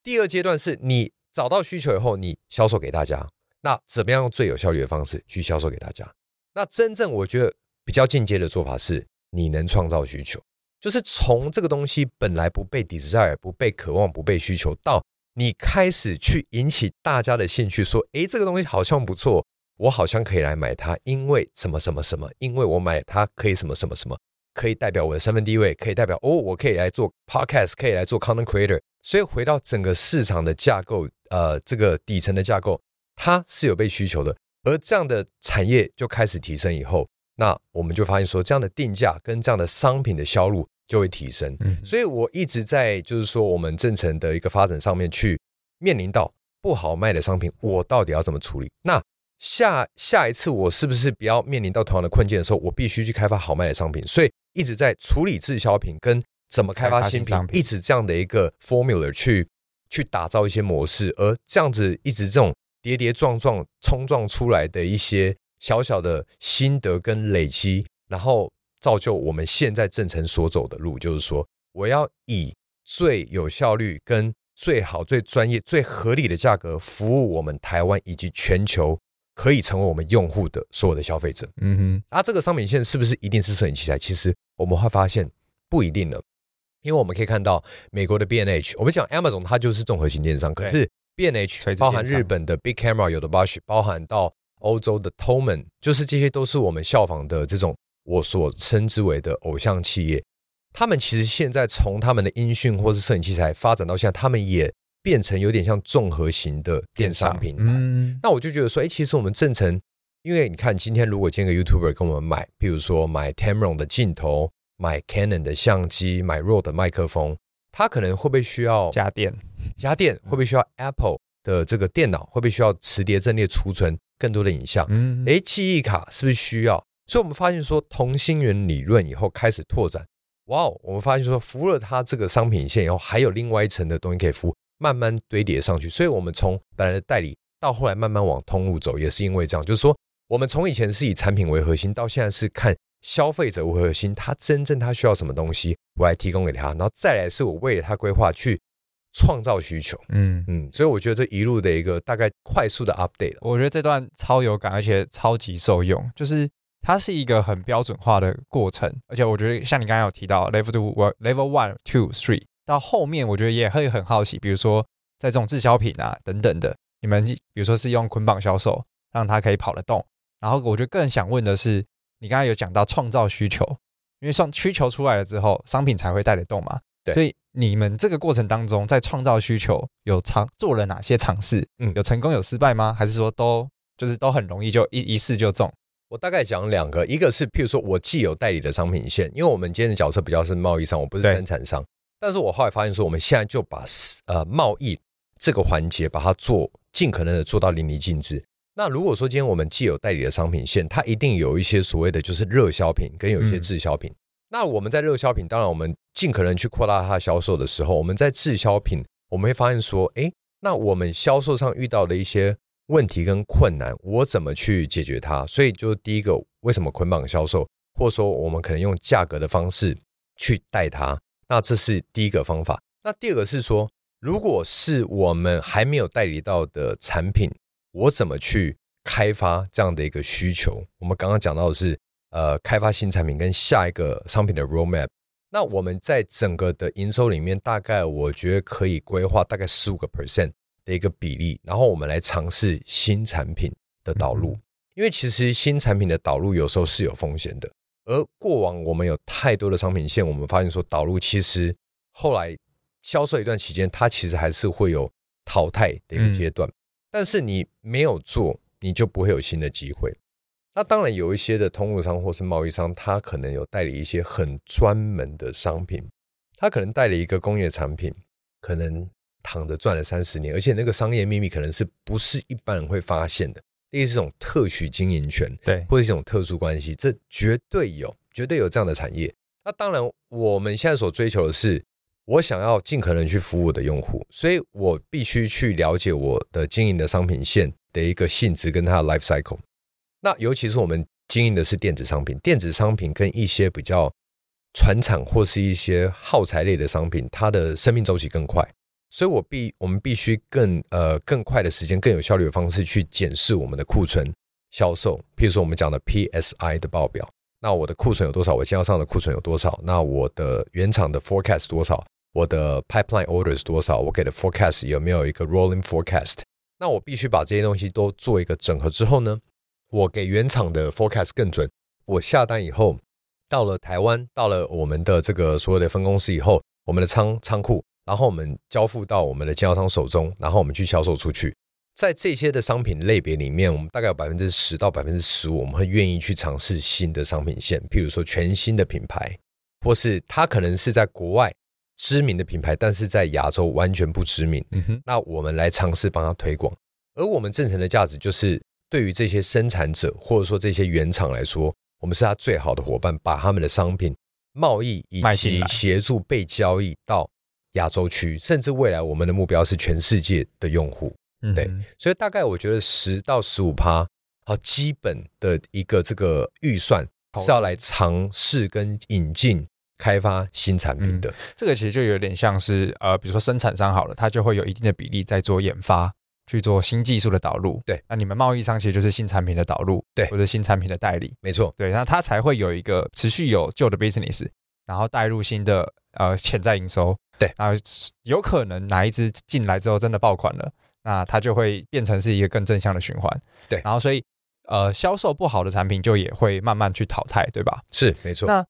Speaker 1: 第二階段是你找到需求以後，你銷售給大家。那怎麼樣用最有效率的方式去銷售給大家？那真正我覺得比較進階的做法是，你能創造需求，就是從這個東西本來不被 desire、不被渴望、不被需求，到你開始去引起大家的興趣，說：“誒，這個東西好像不錯，我好像可以來買它。”因為什麼什麼什麼？因為我買它可以什麼什麼什麼，可以代表我的身份地位，可以代表哦，我可以來做 podcast，可以來做 content creator。所以回到整個市場的架構，呃，這個底層的架構，它是有被需求的，而這樣的產業就開始提升以後，那我們就發現說，這樣的定價跟這樣的商品的銷路就會提升。嗯。所以我一直在就是說，我們正成的一個發展上面去面臨到不好賣的商品，我到底要怎麼處理？那下下一次我是不是不要面臨到同樣的困境的時候，我必須去開發好賣的商品？所以一直在處理滯銷品跟。怎麼開發新品？一直這樣的一個 formula 去去打造一些模式，而這樣子一直這種跌跌撞撞衝撞出來的一些小小的心得跟累積，然後造就我們現在正成所走的路，就是說我要以最有效率、跟最好、最專業、最合理的價格服務我們台灣以及全球可以成為我們用戶的所有的消費者。嗯哼，啊，這個商品線是不是一定是攝影器材？其實我們會發現不一定的。因為我們可以看到美國的 B&H，我們講 Amazon，它就是綜合型電商。可是 B&H 包含日本的 Big Camera，有的 Bush，包含到歐洲的 Thomann，就是這些都是我們效仿的這種我所稱之為的偶像企業。他們其實現在從他們的音訊或是攝影器材發展到現在，他們也變成有點像綜合型的電商平台。嗯，那我就覺得說，哎，其實我們正成，因為你看今天如果見個 YouTuber 跟我們買，比如說買 Tamron 的鏡頭。買 Canon 的相機，買 Rode 麥克風，它可能會不會需要家電？家電會不會需要 Apple 的這個電腦？會不會需要磁碟陣列儲存更多的影像？嗯，誒，記憶卡是不是需要？所以我們發現說，同心圓理論以後開始拓展。哇哦，我們發現說，服了它這個商品線以後，還有另外一層的東西可以服，慢慢堆疊上去。所以我們從本來的代理到後來慢慢往通路走，也是因為這樣。就是說，我們從以前是以產品為核心，到現在是看。消費者為核心，他真正他需要什麼東西，我來提供給他。然後再來是我為了他
Speaker 2: 規劃去創造需求。嗯嗯，所以我覺得這一路的一個大概快速的 update，我覺得這段超有感，而且超級受用。就是它是一個很標準化的過程，而且我覺得像你剛剛有提到 level two、level one、two、three，到後面我覺得也會很好奇，比如說在這種滯銷品啊等等的，你們比如說是用捆綁銷售，讓它可以跑得動。然後我覺得更想問的是。你剛才有講到創造需求，因為上需求出來了之後，商品才會帶得動嘛。對，所以你們這個過程當中，在創造需求有嘗做了哪些嘗試？嗯，有成功有失敗嗎？還是說都就是都很容易就一一試就中？
Speaker 1: 我大概講兩個，一個是譬如說，我既有代理的商品線，因為我們今天的角色比較是貿易商，我不是生產商，
Speaker 2: 但是我後來發
Speaker 1: 現說，我們現在就把呃貿易這個環節把它做盡可能的做到淋漓盡致。那如果說今天我們既有代理的商品線，它一定有一些所謂的就是熱銷品，跟有一些滯銷品。嗯。那我們在熱銷品，當然我們盡可能去擴大它銷售的時候，我們在滯銷品，我們會發現說，哎，那我們銷售上遇到的一些問題跟困難，我怎麼去解決它？所以就是第一個，為什麼捆綁銷售，或說我們可能用價格的方式去帶它，那這是第一個方法。那第二個是說，如果是我們還沒有代理到的產品。我怎麼去開發這樣的一個需求？我們剛剛講到的是，呃，開發新產品跟下一個商品的 roadmap。那我們在整個的營收裡面，大概我覺得可以規劃大概15個 percent 的一個比例，然後我們來嘗試新產品的導入。因為其實新產品的導入有時候是有風險的，而過往我們有太多的商品線，我們發現說導入其實後來銷售一段期間，它其實還是會有淘汰的一個階段，嗯。但是你沒有做，你就不會有新的機會。那當然有一些的通路商或是貿易商，他可能有代理一些很專門的商品，他可能代理一個工業產品，可能躺着賺了三十年，而且那個商業祕密可能是不是一般人會發現的。第一是一種特許經營權，對，或者是一種特殊關係，這絕對有，絕對有這樣的產業。那當然，我們現在所追求的是。我想要盡可能去服務我的用戶，所以我必須去了解我的經營的商品線的一個性質跟它的 life cycle。那尤其是我們經營的是電子商品，電子商品跟一些比較傳產或是一些耗材類的商品，它的生命周期更快，所以我必我們必須更呃更快的時間更有效率的方式去檢視我們的庫存銷售。譬如說我們講的 PSI 的報表，那我的庫存有多少？我經銷商的庫存有多少？那我的原廠的 forecast 多少？我的 pipeline order 是多少？我給的 forecast 有沒有一個 rolling forecast？那我必須把這些東西都做一個整合之後呢，我給原廠的 forecast 更準。我下單以後，到了台灣，到了我們的這個所有的分公司以後，我們的倉倉庫然後我們交付到我們的經銷商手中，然後我們去銷售出去。在這些的商品類別裡面，我們大概有百分之十到百分之十五，我們會願意去嘗試新的商品線，譬如說全新的品牌，或是它可能是在國外。知名的品牌，但是在亞洲完全不知名。嗯、那我們來嘗試幫他推廣。而我們正成的價值就是，對於這些生產者或者說這些原廠來說，我們是他最好的伙伴，把他們的商品貿易以及協助被交易到亞洲區，甚至未來我們的目標是全世界的用戶。對、嗯，所以大概我覺得十到十五趴，好基本的一個這個預算是要來
Speaker 2: 嘗試跟引進開發新產品的，嗯，這個其實就有點像是呃，比如說生產商好了，他就會有一定的比例在做研發，去做新技術的導入。對，那你們貿易商其實就是新產品的導入，對，或者新產品的代理，沒錯。對，那他才會有一個持續有舊的 business，然後帶入新的呃潛在營收。對，然後有可能哪一支進來之後真的爆款了，那它就會變成是一個更正向的循環。對，然後所以呃銷售不好的產品就也會慢慢去淘汰，對吧？是，沒錯。那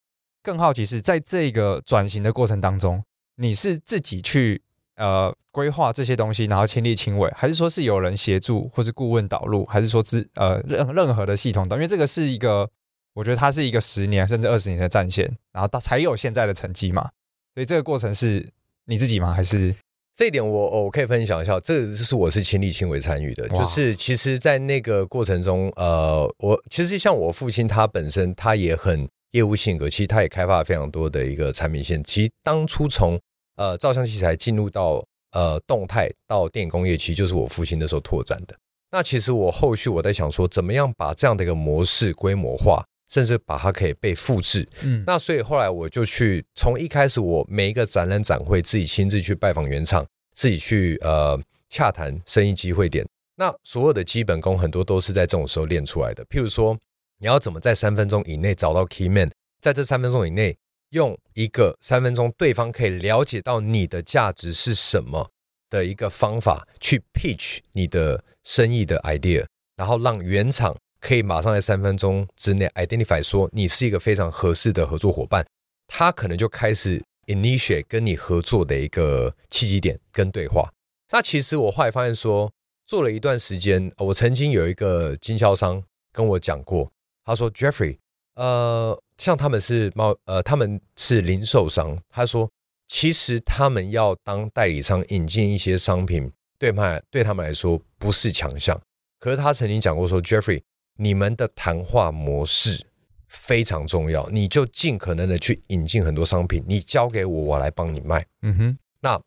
Speaker 2: 更好奇是在這個轉型的過程當中，你是自己去呃規劃這些東西，然後親力親為，還是說是有人協助，或是顧問導入，還是說資呃任任何的系統，等於因為這個是一個，我覺得它是一個十年甚至二十年的戰線，然後他才有現在的成績嘛。所以這個過程是你自己嗎？還是這一點我我可以分享一下，這個就是我是親力親為參與的，就是其
Speaker 1: 實在那個過程中，呃，我其實像我父親他本身他也很。業務性格其實它，也開發了非常多的一個產品線。其實當初從呃照相器材進入到呃動態到電影工業，其實就是我父親那時候拓展的。那其實我後續我在想說，怎麼樣把這樣的一個模式規模化，嗯，甚至把它可以被複製。嗯，那所以後來我就去從一開始，我每一個展覽展會自己親自去拜訪原廠，自己去呃洽談生意機會點。那所有的基本功很多都是在這種時候練出來的，譬如說，你要怎麼在三分鐘以內找到 key man？在這三分鐘以內，用一個三分鐘對方可以了解到你的價值是什麼的一個方法，去 pitch 你的生意的 idea，然後讓原廠可以馬上在三分鐘之內 identify 說你是一個非常合適的合作夥伴，他可能就開始 initiate 跟你合作的一個契機點跟對話。那其實我後來發現說，做了一段時間，我曾經有一個經銷商跟我講過。他說：“Jeffrey，呃，像他們是貿，呃，他們是零售商。他說，其實他們要當代理商引進一些商品，對賣對他們來說不是強項。可是他曾經講過說，Jeffrey，你們的談話模式非常重要，你就盡可能的去引進很多商品，你交給我，我來幫你賣。嗯哼，那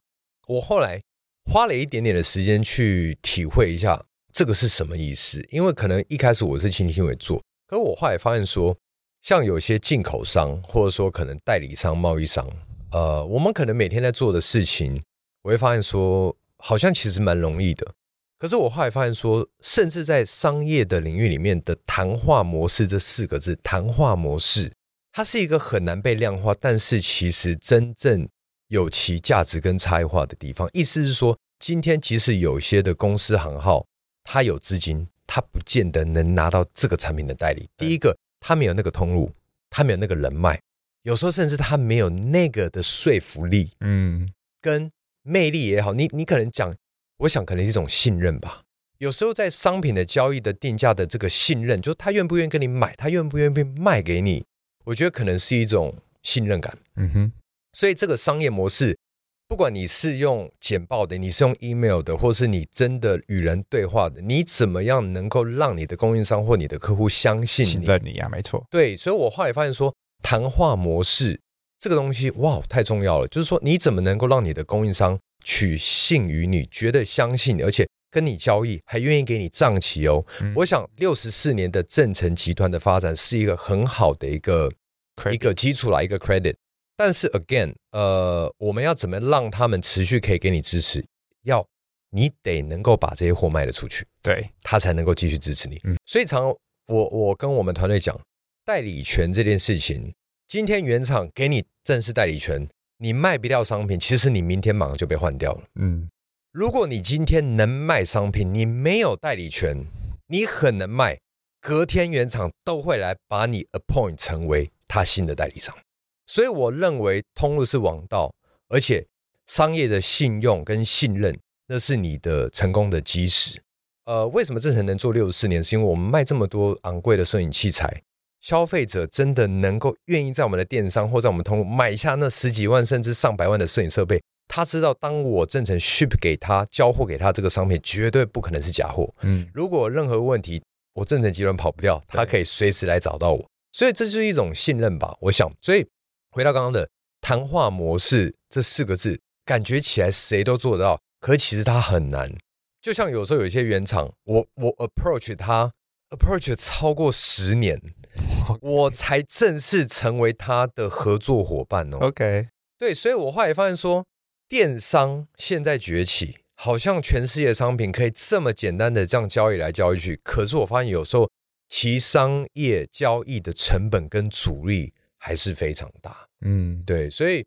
Speaker 1: 我後來花了一點點的時間去體會一下這個是什麼意思，因為可能一開始我是親力親為。”可我後來發現說，像有些進口商，或者說可能代理商、貿易商，呃，我們可能每天在做的事情，我會發現說，好像其實蠻容易的。可是我後來發現說，甚至在商業的領域裡面的談話模式這四個字，談話模式，它是一個很難被量化，但是其實真正有其價值跟差異化的地方。意思是說，今天即使有些的公司行號，它有資金。他不見得能拿到這個產品的代理。第一個，他沒有那個通路，他沒有那個人脈，有時候甚至他沒有那個的說服力，嗯，跟魅力也好，你你可能講，我想可能是一種信任吧。有時候在商品的交易的定價的這個信任，就是他願不願意跟你買，他願不願意賣給你，我覺得可能是一種信任感。嗯哼，所以這個商業模式。不管你是用簡報的，你是用 email 的，或是你真的與人對話的，你怎麼樣能夠讓你的供應商或你的客戶相信你？信任你啊，沒錯。對，所以我後來發現說，談話模式這個東西，哇，太重要了。就是說，你怎麼能夠讓你的供應商取信於你，覺得相信你，而且跟你交易還願意給你賬期哦、嗯？我想六十四年的正成集團的發展是一個很好的一個、嗯、一個基礎來一個 credit。但是 again，呃，我們要怎麼讓他們持續可以給你支持？要你得能夠把這些貨賣得出去，對他才能夠繼續支持你。嗯。所以常我我跟我們團隊講，代理權這件事情，今天原廠給你正式代理權，你賣不掉商品，其實你明天馬上就被換掉了。嗯，如果你今天能賣商品，你沒有代理權，你很能賣，隔天原廠都會來把你 appoint 成為他新的代理商。所以我認為通路是王道，而且商業的信用跟信任，那是你的成功的基石。呃，為什麼正成能做六十四年？是因為我們賣這麼多昂貴的攝影器材，消費者真的能夠願意在我們的電商或在我們通路買下那十幾萬甚至上百萬的攝影設備。他知道，當我正成 ship 給他交貨給他這個商品，絕對不可能是假貨。嗯，如果任何問題，我正成集團跑不掉，他可以隨時來找到我。所以這就是一種信任吧，我想。所以。回到剛剛的談話模式這四個字，感覺起來誰都做得到，可是其實它很難。就像有時候有一些原廠，我我 approach 他 approach 了超過十年，okay. 我才正式成為他的合作夥伴哦。OK，對，所以我後來發現說，電商現在崛起，好像全世界商品可以這麼簡單的這樣交易來交易去，可是我發現有時候其商業交易的成本跟阻力。還是非常大，嗯，對，所以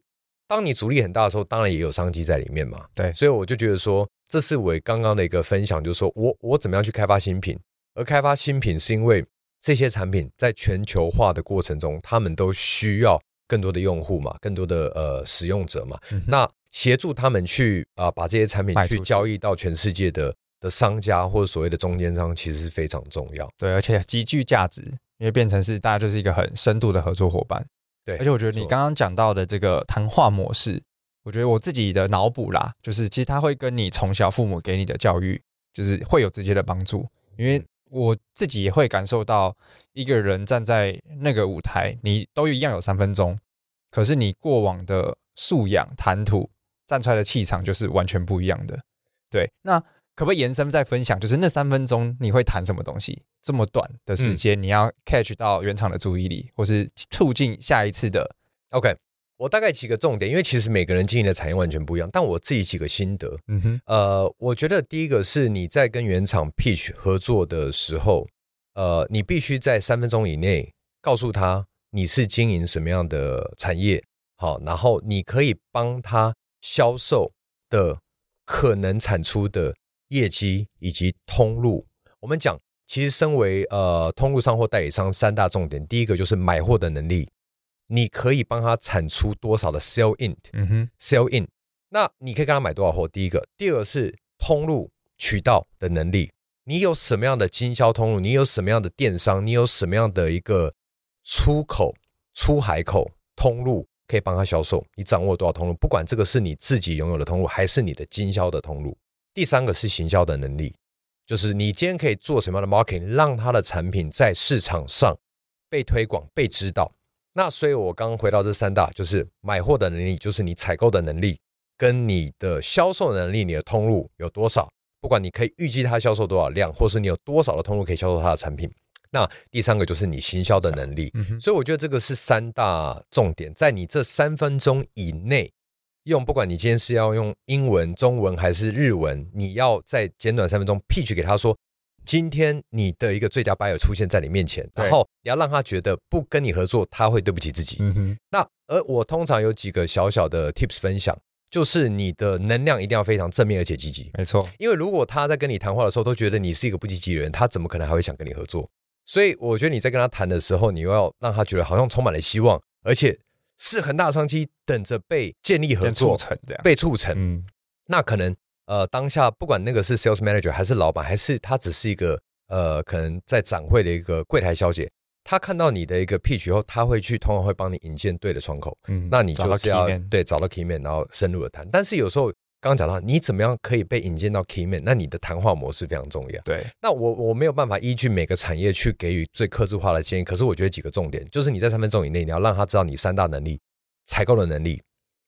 Speaker 1: 當你阻力很大的時候，當然也有商機在裡面嘛。對，所以我就覺得說，這是我剛剛的一個分享，就是說我我怎麼樣去開發新品，而開發新品是因為這些產品在全球化的過程中，他們都需要更多的用戶嘛，更多的呃使用者嘛、嗯。那協助他們去啊、呃，把這些產品去交易到全世界的的商家或者所謂的中間商，其
Speaker 2: 實是非常重要，對，而且極具價值。因為變成是大家就是一個很深度的合作夥伴，對，而且我覺得你剛剛講到的這個談話模式，我覺得我自己的腦補啦，就是其實他會跟你從小父母給你的教育就是會有直接的幫助，因為我自己也會感受到一個人站在那個舞台，你都一樣有三分鐘，可是你過往的素養、談吐、站出來的氣場就是完全不一樣的，對，那。可不可以延伸再分享？就是那三分鐘你會談什麼東西？這麼短的時間，嗯，你要 catch 到原廠的注意力，或是促進下一次的。OK，我大概幾個重點，因為其實每個人經營的產業完全不一樣，但我
Speaker 1: 自己幾個心得，嗯哼，呃，我覺得第一個是你在跟原廠 pitch 合作的時候，呃，你必須在三分鐘以內告訴他你是經營什麼樣的產業，好，然後你可以幫他銷售的可能產出的。業績以及通路，我們講，其實身為呃通路商或代理商三大重點，第一個就是買貨的能力，你可以幫他產出多少的 sell in，嗯哼，sell in，那你可以跟他買多少貨？第一個，第二個是通路渠道的能力，你有什麼樣的經銷通路？你有什麼樣的電商？你有什麼樣的一個出口、出海口通路可以幫他銷售？你掌握多少通路？不管這個是你自己擁有的通路，還是你的經銷的通路。第三個是行銷的能力，就是你今天可以做什麼樣的 marketing，讓他的產品在市場上被推廣、被知道。那所以，我剛剛回到這三大，就是買貨的能力，就是你採購的能力，跟你的銷售能力，你的通路有多少？不管你可以預計它銷售多少量，或是你有多少的通路可以銷售它的產品。那第三個就是你行銷的能力。嗯、所以，我覺得這個是三大重點，在你這三分鐘以內。用不管你今天是要用英文、中文還是日文，你要在簡短，短三分鐘 pitch 給他說，今天你的一個最佳 buyer 出現在你面前，然後你要讓他覺得不跟你合作，他會對不起自己。嗯哼。那而我通常有幾個小小的 tips 分享，就是你的能量一定要非常正面而且積極。沒錯，因為如果他在跟你談話的時候都覺得你是一個不積極的人，他怎麼可能還會想跟你合作？所以我覺得你在跟他談的時候，你又要讓他覺得好像充滿了希望，而且。是很大的商機等着被建立合作、促成被促成。嗯，那可能呃，當下不管那個是 sales manager 還是老板，還是他只是一個呃，可能在展會的一個櫃台小姐，他看到你的一個 pitch 以後，他會去通常會幫你引薦對的窗口。嗯，那你就需要對找到 key man，然後深入的談。但是有時候。剛剛講到你怎麼樣可以被引薦到 Keyman，那你的談話模式非常重要。對，那我我沒有辦法依據每個產業去給予最客製化的建議，可是我覺得幾個重點就是你在三分鐘以內你要讓他知道你三大能力：採購的能力、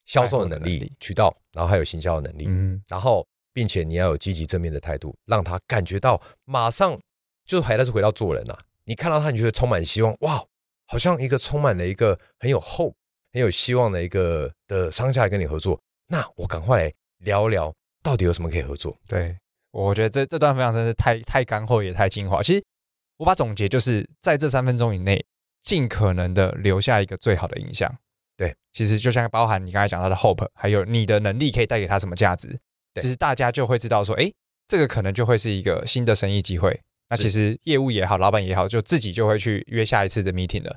Speaker 1: 銷售的能、的能力、渠道，然後還有行銷的能力、嗯。然後並且你要有積極正面的態度，讓他感覺到馬上就是還是回到做人啊。你看到他，你覺得充滿希望，哇，好像一個充滿了一個很有 hope、很有希望的一個的商家來跟你合作，那我趕快來。
Speaker 2: 聊聊到底有什麼可以合作？對，我覺得這這段分享真是太太乾貨也太精華。其實我把總結就是在這三分鐘以內，盡可能的留下一個最好的印象。對，其實就像包含你剛才講到的 hope，還有你的能力可以帶給他什麼價值，對，其實大家就會知道說，哎，這個可能就會是一個新的生意機會。那其實業務也好，老板也好，就自己就會去約下一次的 meeting 了，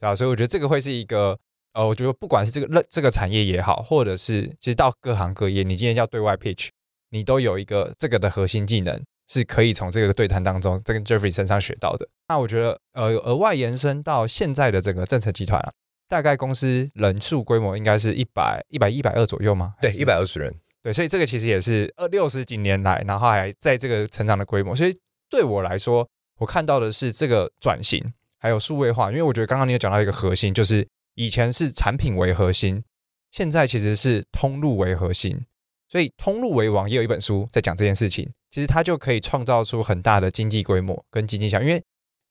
Speaker 2: 對吧？所以我覺得這個會是一個。呃，我覺得不管是這個樂這個產業也好，或者是其實到各行各業，你今天要對外 pitch，你都有一個這個的核心技能是可以從這個對談當中，這個 Jeffrey 身上學到的。那我覺得，呃，額外延伸到現在的整個正成集團啊，大概公司人數規模應該是一百一百一百二左右嗎？對，一百二十人。對，所以這個其實也是二六十幾年來，然後還在這個成長的規模。所以對我來說，我看到的是這個轉型還有數位化，因為我覺得剛剛你有講到一個核心就是。以前是產品為核心，現在其實是通路為核心，所以通路為王也有一本書在講這件事情。其實它就可以創造出很大的經濟規模跟經濟效益，因為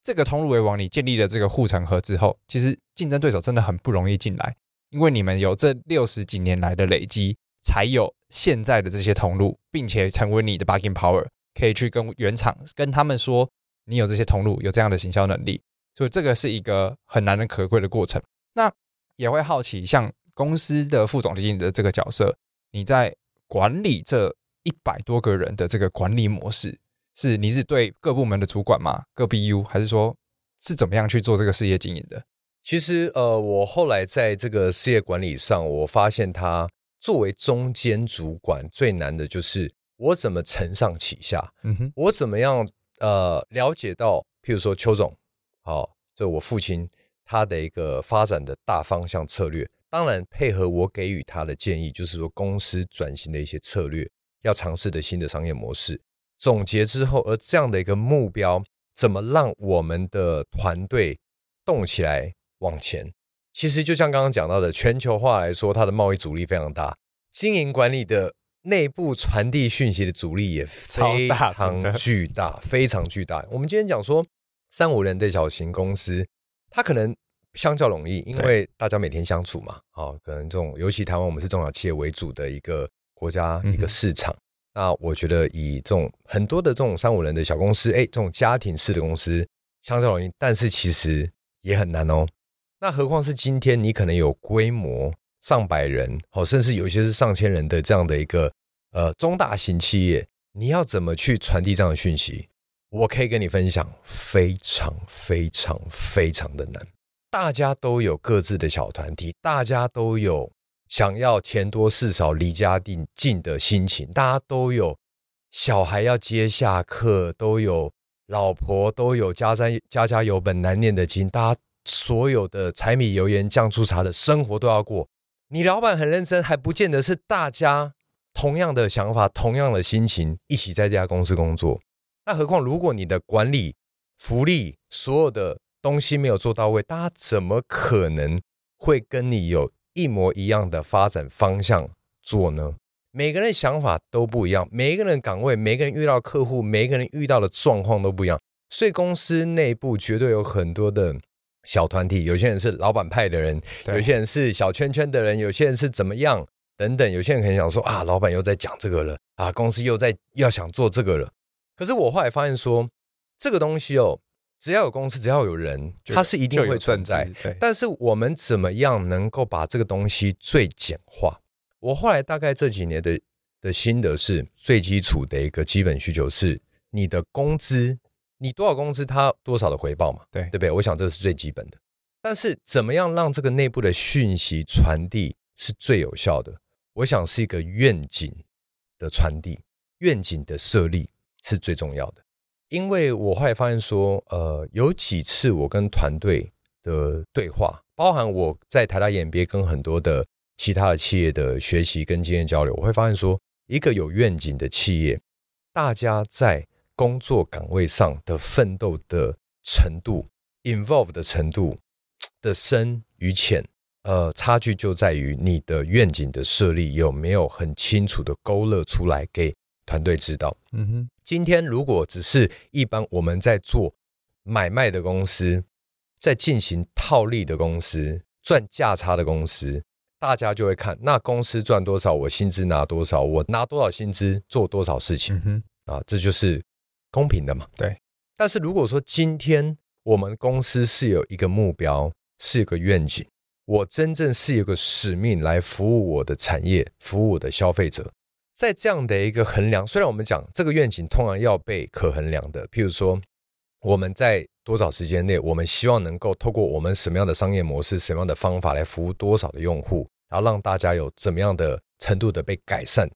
Speaker 2: 這個通路為王，你建立了這個護城河之後，其實競爭對手真的很不容易進來，因為你們有這六十幾年來的累積，才有現在的這些通路，並且成為你的 bargaining power，可以去跟原廠跟他們說，你有這些通路，有這樣的行銷能力，所以這個是一個很難能可貴的過程。那也會好奇，像公司的副總經理的這個角色，你在管理這一百多個人的這個管理模式，是你是對各部門的主管嗎？各 BU 還是說，是怎麼樣去做這個事業經營的？
Speaker 1: 其實，呃，我後來在這個事業管理上，我發現他作為中間主管最難的就是我怎麼承上啟下，嗯哼，我怎麼樣呃了解到，譬如說邱總，好、哦，就我父親。他的一個發展的大方向策略，當然配合我給予他的建議，就是說公司轉型的一些策略，要嘗試的新的商業模式。總結之後，而這樣的一個目標，怎麼讓我們的團隊動起來往前？其實就像剛剛講到的，全球化來說，它的貿易阻力非常大，經營管理的內部傳遞訊息的阻力也非常巨大，非常巨大，非常巨大。我們今天講說三五人的小型公司。它可能相較容易，因為大家每天相處嘛，好、哦，可能這種尤其台灣我們是中小企業為主的一個國家、嗯、一個市場。那我覺得以這種很多的這種三五人的小公司，誒、哎，這種家庭式的公司，相較容易，但是其實也很難哦。那何況是今天你可能有規模上百人，好、哦，甚至有些是上千人的這樣的一個呃中大型企業，你要怎麼去傳遞這樣的訊息？.我可以跟你分享，非常非常非常的難。大家都有各自的小團體，大家都有想要錢多事少、離家近近的心情，大家都有小孩要接下課，都有老婆，都有家家家家有本難念的經，大家所有的柴米油鹽醬醋茶的生活都要過。你老板很認真，還不見得是大家同樣的想法、同樣的心情，一起在這家公司工作。那何況，如果你的管理、福利、所有的東西沒有做到位，大家怎麼可能會跟你有一模一樣的發展方向做呢？每個人的想法都不一樣，每一個人崗位，每個人遇到客戶，每一個人遇到的狀況都不一樣。所以公司內部絕對有很多的小團體，有些人是老闆派的人，有些人是小圈圈的人，有些人是怎麼樣等等，有些人可能想說啊，老闆又在講這個了啊，公司又在要想做這個了。可是我後來發現說，這個東西哦，只要有公司，只要有人，它是一定會存在。對，但是我們怎麼樣能夠把這個東西最簡化？我後來大概這幾年的的心得是，最基礎的一個基本需求是你的工資，你多少工資，它多少的回報嘛，對對不對？我想這是最基本的。但是怎麼樣讓這個內部的訊息傳遞是最有效的？我想是一個願景的傳遞，願景的設立，是最重要的，因為我會發現說，呃，有幾次我跟團隊的對話，包含我在台大演別跟很多的其他的企業的學習跟經驗交流，我會發現說，一個有願景的企業，大家在工作崗位上的奮鬥的程度，involve 的程度的深與淺，呃，差距就在於你的願景的設立有沒有很清楚的勾勒出來給團隊知道。嗯哼。今天如果只是一般我們在做買賣的公司，在進行套利的公司，賺價差的公司，大家就會看那公司賺多少，我薪資拿多少，我拿多少薪資做多少事情，嗯哼，啊，這就是公平的嘛？對。但是如果說今天我們公司是有一個目標，是一個願景，我真正是有個使命來服務我的產業，服務我的消費者。在這樣的一個衡量，雖然我們講這個願景通常要被可衡量的，譬如說我們在多少時間內，我們希望能夠透過我們什麼樣的商業模式、什麼樣的方法來服務多少的用戶，然後讓大家有怎麼樣的程度的被改善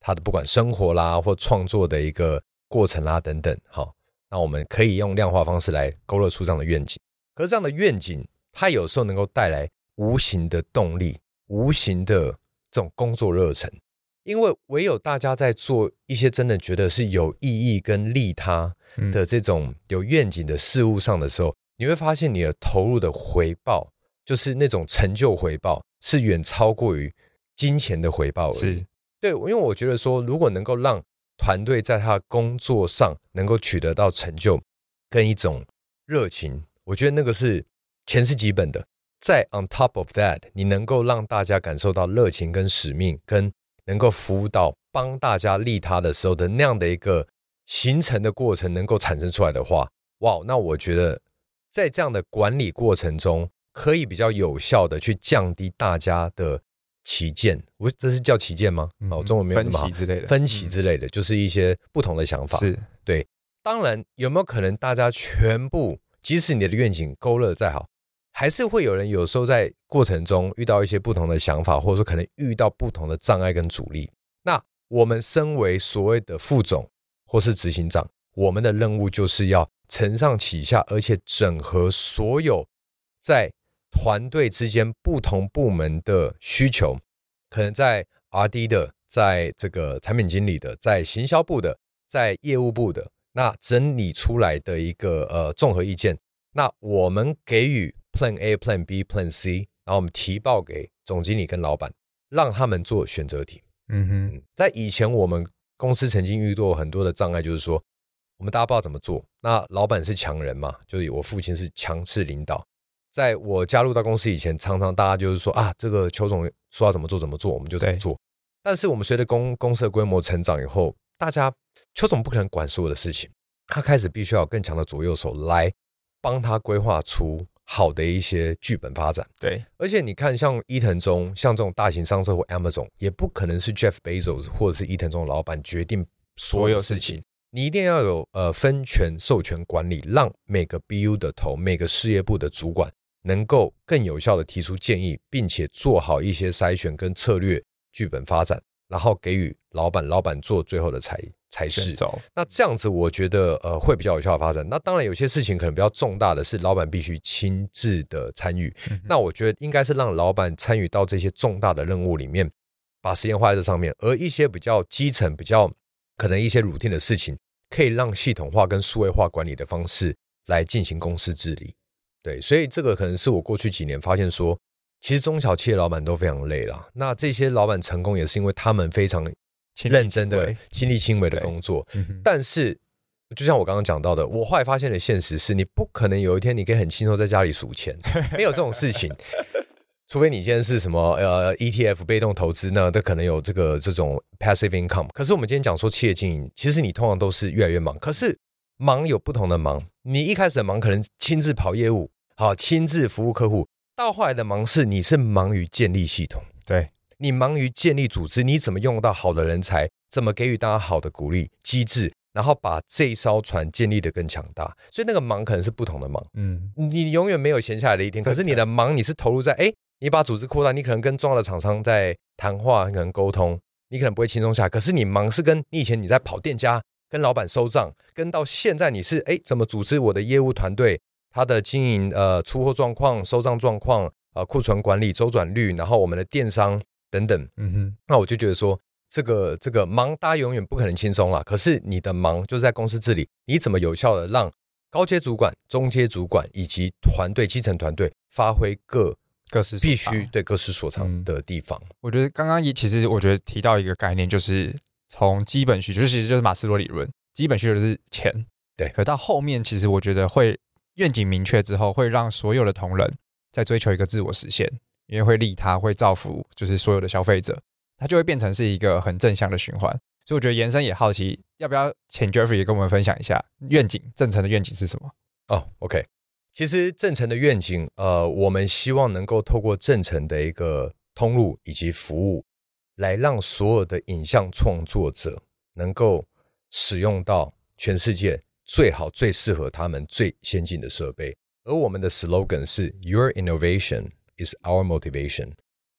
Speaker 1: 他的不管生活啦或創作的一個過程啦等等，好，那我們可以用量化方式來勾勒出這樣的願景。可是這樣的願景，它有時候能夠帶來無形的動力、無形的這種工作熱忱。因為唯有大家在做一些真的覺得是有意義跟利他的這種有願景的事物上的時候，嗯、你會發現你的投入的回報就是那種成就回報，是遠超過於金錢的回報而已。是對，因為我覺得說，如果能夠讓團隊在他的工作上能夠取得到成就跟一種熱情，我覺得那個是錢是基本的。在 on top of that，你能夠讓大家感受到熱情跟使命跟。能夠服務到幫大家利他的時候的那樣的一個形成的過程，能夠產生出來的話，哇，那我覺得在這樣的管理過程中，可以比較有效的去降低大家的歧見，我這是叫歧見嗎？哦，中文沒有那麼好，嗯？分歧之類的，分歧之類的，嗯、就是一些不同的想法。是對，當然有沒有可能大家全部，即使你的願景勾勒再好。還是會有人有時候在過程中遇到一些不同的想法，或者說可能遇到不同的障礙跟阻力。那我們身為所謂的副總或是執行長，我們的任務就是要承上啟下，而且整合所有在團隊之間不同部門的需求，可能在 RD 的，在這個產品經理的，在行銷部的，在業務部的，那整理出來的一個呃綜合意見。那我們給予。Plan A, Plan B, Plan C，然後我們提報給總經理跟老闆，讓他們做選擇題。嗯哼，嗯，在以前我們公司曾經遇到很多的障礙，就是說我們大家不知道怎麼做。那老闆是強人嘛，就是我父親是強勢領導。在我加入到公司以前，常常大家就是說啊，這個邱總說要怎麼做怎麼做，我們就怎麼做。但是我們隨着公公司的規模成長以後，大家邱總不可能管所有的事情，他開始必須要有更強的左右手來幫他規劃出好的一些劇本發展，對，而且你看，像伊藤忠，像這種大型商社或 Amazon，也不可能是 Jeff Bezos 或者是伊藤忠老闆決定所有，所有事情。你一定要有呃分權授權管理，讓每個 BU 的頭、每個事業部的主管能夠更有效的提出建議，並且做好一些篩選跟策略劇本發展。然後給予老闆，老闆做最後的裁裁決。那這樣子，我覺得呃會比較有效的發展。那當然，有些事情可能比較重大的是老闆必須親自的參與、嗯。那我覺得應該是讓老闆參與到這些重大的任務裡面，把時間花在這上面。而一些比較基層、比較可能一些 routine 的事情，可以讓系統化跟數位化管理的方式來進行公司治理。對，所以這個可能是我過去幾年發現說。其實中小企業老闆都非常累啦。那這些老闆成功也是因為他們非常認真的親力親為的工作。Okay. Mm -hmm. 但是，就像我剛剛講到的，我後來發現的現實是你不可能有一天你可以很輕鬆在家裡數錢，沒有這種事情。 除非你現在是什麼呃 ETF 被動投資呢？都可能有這個這種 passive income。可是我們今天講說企業經營，其實你通常都是越來越忙。可是忙有不同的忙，你一開始的忙，可能親自跑業務，好、啊、親自服務客戶。到後來的忙是，你是忙於建立系統，對，你忙於建立組織，你怎麼用到好的人才？怎麼給予大家好的鼓勵機制？然後把這一艘船建立得更強大。所以那個忙可能是不同的忙，嗯，你永遠沒有閒下來的一天。可是你的忙，你是投入在，哎、欸，你把組織擴大，你可能跟重要的廠商在談話，可能溝通，你可能不會輕鬆下。可是你忙是跟你以前你在跑店家，跟老板收賬，跟到現在你是，哎、欸，怎麼組織我的業務團隊？他的經營呃出貨狀況、收賬狀況、呃庫存管理、週轉率，然後我們的電商等等，嗯哼，那我就覺得說，這個這個忙大家永遠不可能輕鬆啦，可是你的忙就是在公司治理，你怎麼有效的讓高階主管、中階主管以及團隊基層團隊發揮各各是必須對各司所長的地方，
Speaker 2: 嗯。我覺得剛剛也其實我覺得提到一個概念，就是，就是從基本需求，其實就是馬斯洛理論，基本需求是錢，對。可到後面其實我覺得會。願景明確之後，會讓所有的同仁在追求一個自我實現，因為會利他，會造福，就是所有的消費者，它就會變成是一個很正向的循環。所以我覺得延伸也好奇，要不要請 Jeffrey 也跟我們分享一下願景，正成的願景是什麼？哦、oh，OK，其實正成的願景，呃，我們希望能夠透過正
Speaker 1: 成的一個通路以及服務，來讓所有的影像創作者能夠使用到全世界，最好最適合他們最先進的設備，而我們的 slogan 是 “Your innovation is our motivation”。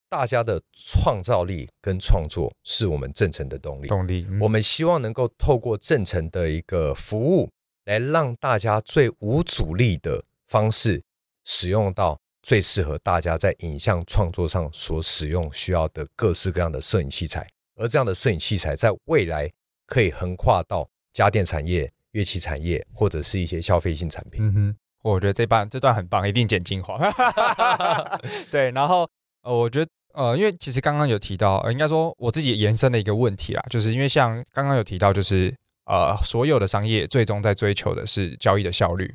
Speaker 1: 大家的創造力跟創作是我們正成的動力。動力，我們希望能夠透過正成的一個服務，來讓大家最無阻力的方式使用到最適合大家在影像創作上所使用需要的各式各樣的攝影器材。而這樣的攝影器材，在
Speaker 2: 未來可以橫跨到家電產業。樂器產業或者是一些消費性產品，嗯哼，我覺得這半這段很棒，一定剪精華。 對，然後呃，我覺得呃，因為其實剛剛有提到，呃、應該說我自己延伸的一個問題啊，就是因為像剛剛有提到，就是呃，所有的商業最終在追求的是交易的效率。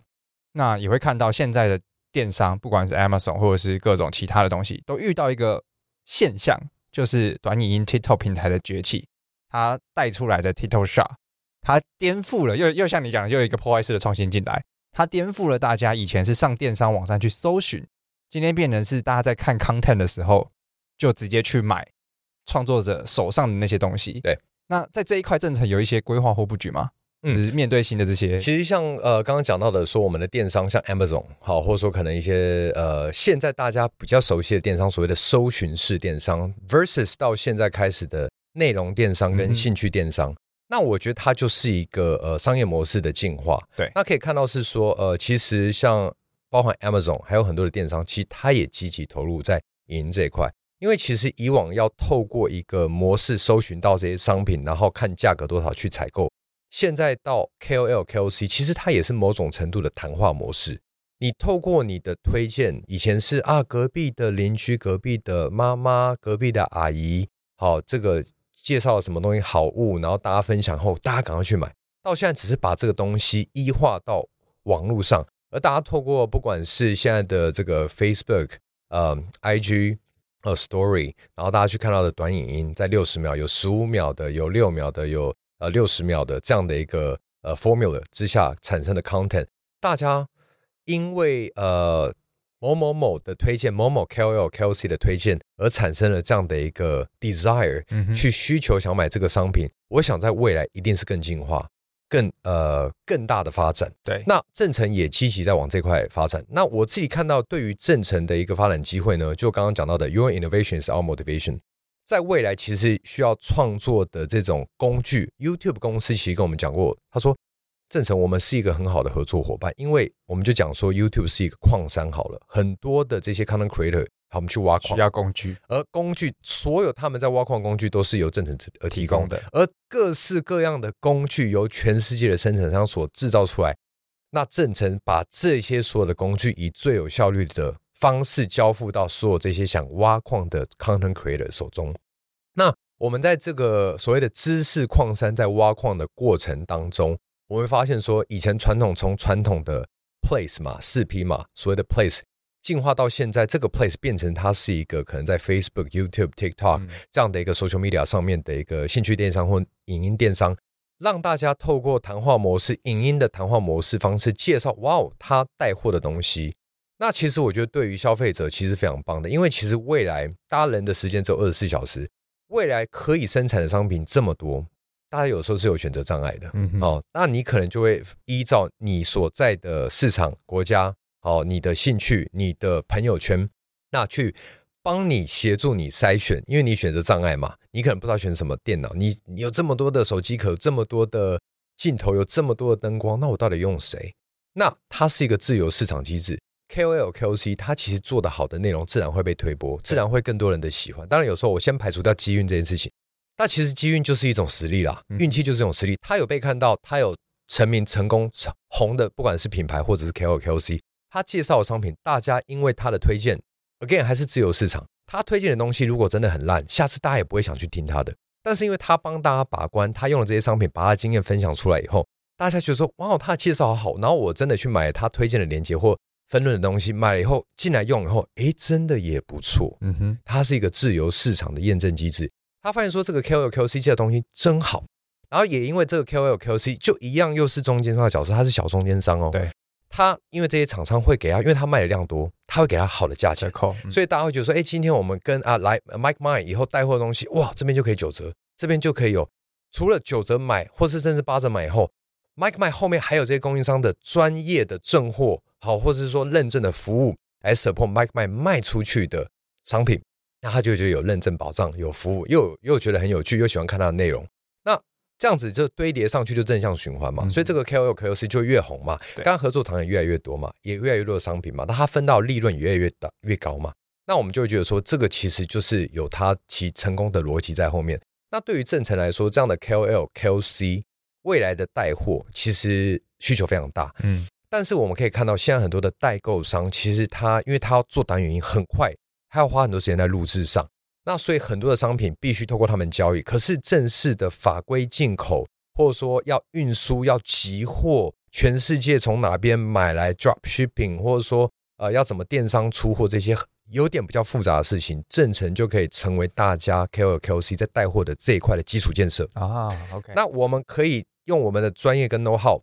Speaker 2: 那也會看到現在的電商，不管是 Amazon 或者是各種其他的東西，都遇到一個現象，就是短影音 TikTok 平台的崛起，它帶出來的 TikTok Shop。它顛覆了，又又像你講的，又有一個破壞式的創新進來。它顛覆了大家以前是上電商網站去搜尋，今天變成是大家在看 content 的時候就直接去買創作者手上的那些東西。對，那在這一塊正成有一些規劃或布局嗎？嗯，只是面對新的這些，其實像呃剛剛講到的說，
Speaker 1: 說我們的電商像 Amazon 好，或者說可能一些呃現在大家比較熟悉的電商，所謂的搜尋式電商 versus 到現在開始的內容電商跟興趣電商。嗯嗯那我覺得它就是一個呃商業模式的進化，對，那可以看到是說，呃，其實像包含 Amazon 還有很多的電商，其實它也積極投入在影音這一塊，因為其實以往要透過一個模式搜尋到這些商品，然後看價格多少去採購，現在到 KOL、KOC，其實它也是某種程度的談話模式，你透過你的推薦，以前是啊隔壁的鄰居、隔壁的媽媽、隔壁的阿姨，好這個。介紹了什麼東西好物，然後大家分享後，大家趕快去買。到現在只是把這個東西 e 化到網絡上，而大家透過不管是現在的這個 Facebook 呃、呃 IG、呃 Story，然後大家去看到的短影音，在六十秒有十五秒的，有六秒的，有呃六十秒的這樣的一個呃 formula 之下產生的 content，大家因為呃。某某某的推薦，某某 KOL、KOC 的推薦，而產生了這樣的一個 desire，去需求想買這個商品。嗯、我想在未來一定是更進化、更呃更大的發展。對，那正成也積極在往這塊發展。那我自己看到對於正成的一個發展機會呢，就剛剛講到的，Your innovation is our motivation，在未來其實需要創作的這種工具。YouTube 公司其實跟我們講過，他說。正成，我們是一個很好的合作伙伴，因為我們就講說 YouTube 是一個礦山好了，很多的這些 Content Creator，好，我們去挖礦，挖工具，而工具，所有他們在挖礦工具都是由正成而提供的，提供的，而各式各樣的工具由全世界的生產商所制造出來，那正成把這些所有的工具以最有效率的方式交付到所有這些想挖礦的 Content Creator 手中，那我們在這個所謂的知識礦山在挖礦的過程當中。我們會發現說，以前傳統從傳統的 place 嘛，視頻嘛，所謂的 place 進化到現在，這個 place 變成它是一個可能在 Facebook、YouTube、TikTok 這樣的一個 social media 上面的一個興趣電商或影音電商，讓大家透過談話模式、影音的談話模式方式介紹，哇哦，他帶貨的東西。那其實我覺得對於消費者其實非常棒的，因為其實未來大家人的時間只有二十四小時，未來可以生產的商品這麼多。大家有時候是有選擇障礙的，嗯哼，哦，那你可能就會依照你所在的市場、國家，哦，你的興趣、你的朋友圈，那去幫你協助你篩選，因為你選擇障礙嘛，你可能不知道選什麼電腦，你有這麼多的手機殼，這麼多的鏡頭，有這麼多的燈光，那我到底用誰？那它是一個自由市場機制，KOL、KOC，它其實做的好的內容，自然會被推播，自然會更多人的喜歡。當然，有時候我先排除掉機運這件事情。但其實機遇就是一種實力啦，運氣就是一種實力。他有被看到，他有成名、成功、紅的，不管是品牌或者是 KOL、KOC，他介紹的商品，大家因為他的推薦，again 還是自由市場，他推薦的東西如果真的很爛，下次大家也不會想去聽他的。但是因為他幫大家把關，他用了這些商品，把他經驗分享出來以後，大家就說哇，他的介紹好好，然後我真的去買他推薦的鏈接或分潤的東西，買了以後進來用以後，哎、欸，真的也不錯。嗯哼，它是一個自由市場的驗證機制。他發現說這個 K O L Q C 這東西真好，然後也因為這個 K O L Q C 就一樣又是中間商的角色，他是小中間商哦。對，他因為這些廠商會給他，因為他賣的量多，他會給他好的價錢。Yeah, 所以大家會覺得說，哎、嗯欸，今天我們跟啊來啊 Mike Mike 以後帶貨的東西，哇，這邊就可以九折，這邊就可以有除了九折買，或是甚至八折買以後，Mike Mike 後面還有這些供應商的專業的正貨，好，或者是說認證的服務，來 support Mike Mike 賣出去的商品。那他就覺得有認證保障，有服務，又又覺得很有趣，又喜歡看他的內容。那這樣子就堆疊上去，就正向循環嘛、嗯。所以這個 KOL、KOC 就越紅嘛，剛合作場也越來越多嘛，也越來越多的商品嘛，那他分到利潤也越來越大、越高嘛。那我們就會覺得說，這個其實就是有它其成功的邏輯在後面。那對於正成來說，這樣的 KOL、KOC 未來的帶貨其實需求非常大。嗯，但是我們可以看到，現在很多的代購商其實他因為他要做單原因很快。還要花很多時間在錄制上，那所以很多的商品必須透過他們交易。可是正式的法規進口，或者說要運輸、要集貨，全世界從哪邊買來 drop shipping，或者說呃要怎麼電商出貨，這些有點比較複雜的事情，正成就可以成為大家 KOL、KOC 在帶貨的這一塊的基礎建設啊。Oh, OK，那我們可以用我們的專業跟 know how，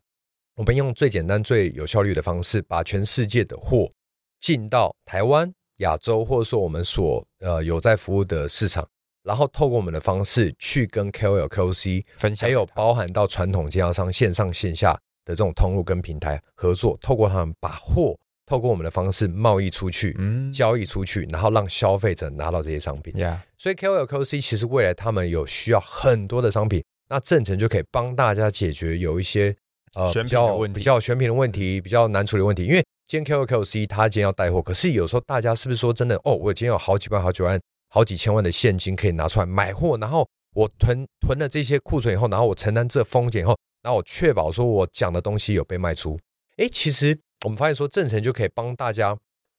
Speaker 1: 我們用最簡單、最有效率的方式，把全世界的貨進到台灣。亞洲，或者說我們所呃有在服務的市場，然後透過我們的方式去跟 KOL、KOC 分享，還有包含到傳統經銷商、線上線下的這種通路跟平台合作，透過他們把貨透過我們的方式貿易出去，嗯，交易出去，然後讓消費者拿到這些商品。對、yeah.，所以 KOL、KOC 其實未來他們有需要很多的商品，那正成就可以幫大家解決有一些呃比較比較選品的問題，比較難處理問題，因為。今天 QOC 他今天要帶貨，可是有時候大家是不是說真的？哦，我今天有好幾萬、好幾萬、好幾千萬的現金可以拿出來買貨，然後我囤囤了這些庫存以後，然後我承擔這風險以後，然後我確保說我講的東西有被賣出。哎、欸，其實我們發現說，正成就可以幫大家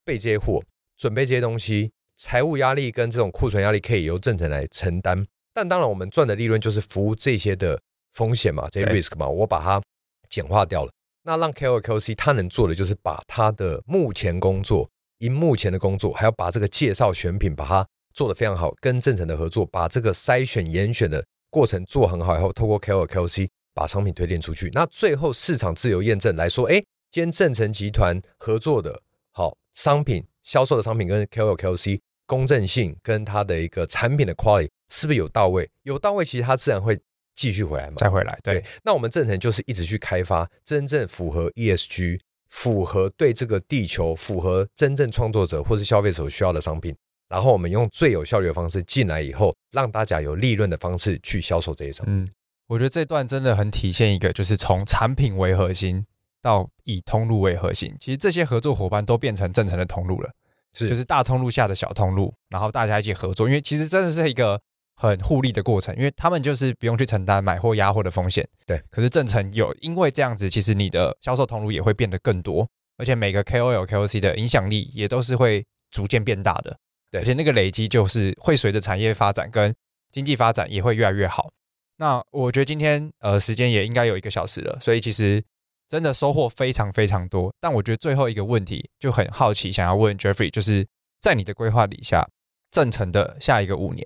Speaker 1: 備這些貨，準備這些東西，財務壓力跟這種庫存壓力可以由正成來承擔。但當然，我們賺的利潤就是服務這些的風險嘛，這些 risk 嘛，我把它簡化掉了。那讓 KOL、KOC 他能做的就是把他的目前工作，以目前的工作，還要把這個介紹選品把它做得非常好，跟正成的合作，把這個篩選嚴選的過程做很好，以後透過 KOL、KOC 把商品推薦出去。那最後市場自由驗證來說，哎、欸，跟正成集團合作的好商品，銷售的商品跟 KOL、KOC 公正性跟他的一個產品的 quality 是不是有到位？有到位，其實他自然會。繼續回來嘛？再回來，對。對，那我們正成就是一直去開發真正符合 ESG、符合對這個地球、符合真正創作者或是消費者需要的商品，然後我們用最有效率的方式進來以後，讓大家有利潤的方式去銷售這一層。嗯，我
Speaker 2: 覺得這段真的很體現一個，就是從產品為核心到以通路為核心。其實這些合作夥伴都變成正成的通路了，是就是大通路下的小通路，然後大家一起合作。因為其實真的是一個。很互利的過程，因為他們就是不用去承擔買貨壓貨的風險。對，可是正成有。因為這樣子，其實你的銷售通路也會變得更多，而且每個 KOL、KOC 的影響力也都是會逐漸變大的。對，而且那個累積就是會隨着產業發展跟經濟發展也會越來越好。那我覺得今天呃時間也應該有一個小時了，所以其實真的收穫非常非常多。但我覺得最後一個問題就很好奇，想要問 Jeffrey，就是在你的規劃底下，正成的下一個五年，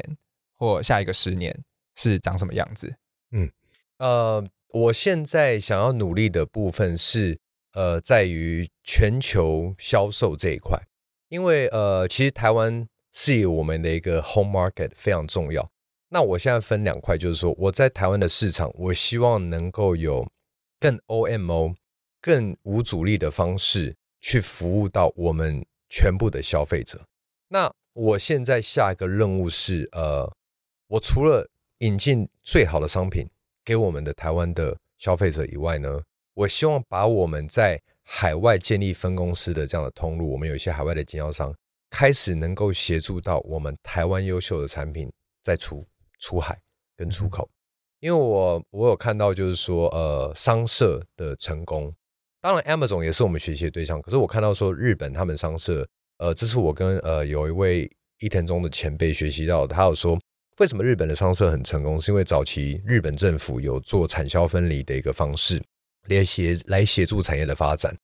Speaker 2: 或下一個十年是長什麼樣子？嗯，呃，我現在
Speaker 1: 想要努力的部分是，
Speaker 2: 呃，在於
Speaker 1: 全球銷售這一塊，因為呃，其實台灣是以我們的一個 home market 非常重要。那我現在分兩塊，就是說我在台灣的市場，我希望能夠有更 OMO、更無阻力的方式去服務到我們全部的消費者。那我現在下一個任務是，呃。我除了引進最好的商品給我們的台灣的消費者以外呢，我希望把我們在海外建立分公司的這樣的通路，我們有一些海外的經銷商開始能夠協助到我們台灣優秀的產品在出出海跟出口。因為我我有看到就是說，呃，商社的成功，當然 Emma 總也是我們學習的對象。可是我看到說日本他們商社，呃，這是我跟呃有一位伊藤中的前輩學習到，他有說。為什麼日本的商社很成功？是因為早期日本政府有做產銷分離的一個方式，來協來協助產業的發展。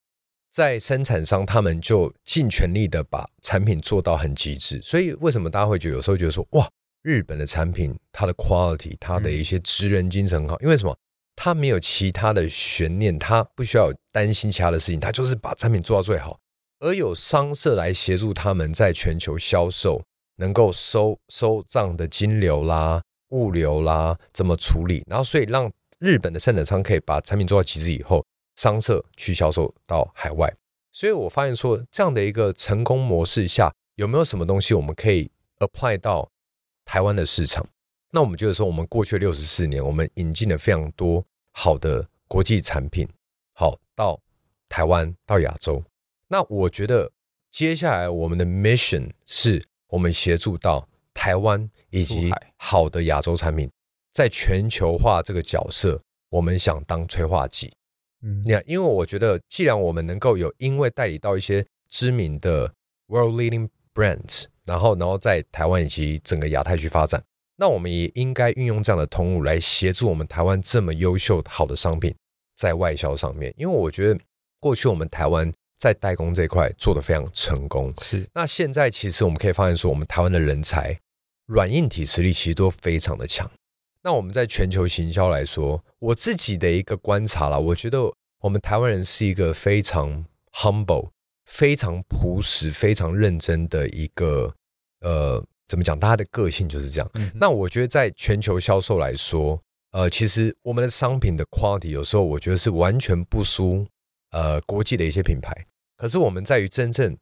Speaker 1: 在生產商，他們就盡全力的把產品做到很極致。所以，為什麼大家會覺得有時候覺得說，哇，日本的產品它的 quality，它的一些職人精神好。嗯。因為什麼？它沒有其他的懸念，它不需要擔心其他的事情，它就是把產品做到最好。而有商社來協助他們在全球銷售。能夠收收賬的金流啦、物流啦怎麼處理，然後所以讓日本的生產商可以把產品做到極致以後，商社去銷售到海外。所以我發現說這樣的一個成功模式下，有沒有什麼東西我們可以 apply 到台灣的市場？那我們就是說，我們過去六十四年，我們引進了非常多好的國際產品，好到台灣到亞洲。那我覺得接下來我們的 mission 是。我們協助到台灣以及好的亞洲產品，在全球化這個角色，我們想當催化劑。嗯，那因為我覺得，既然我們能夠有因為代理到一些知名的 world leading brands，然後然後在台灣以及整個亞太區發展，那我們也應該運用這樣的通路來協助我們台灣這麼優秀好的商品，在外銷上面。因為我覺得過去我們台灣。在代工這塊做得非常成功，是。那現在其實我們可以發現說，我們台灣的人才軟硬體實力其實都非常的強。那我們在全球行銷來說，我自己的一個觀察啦，我覺得我們台灣人是一個非常 humble、非常樸實、非常認真的一個呃，怎麼講？大家的個性就是這樣。嗯、那我覺得在全球銷售來說，呃，其實我們的商品的 quality 有時候我覺得是完全不輸。呃，國際的一些品牌，可是我們在於真正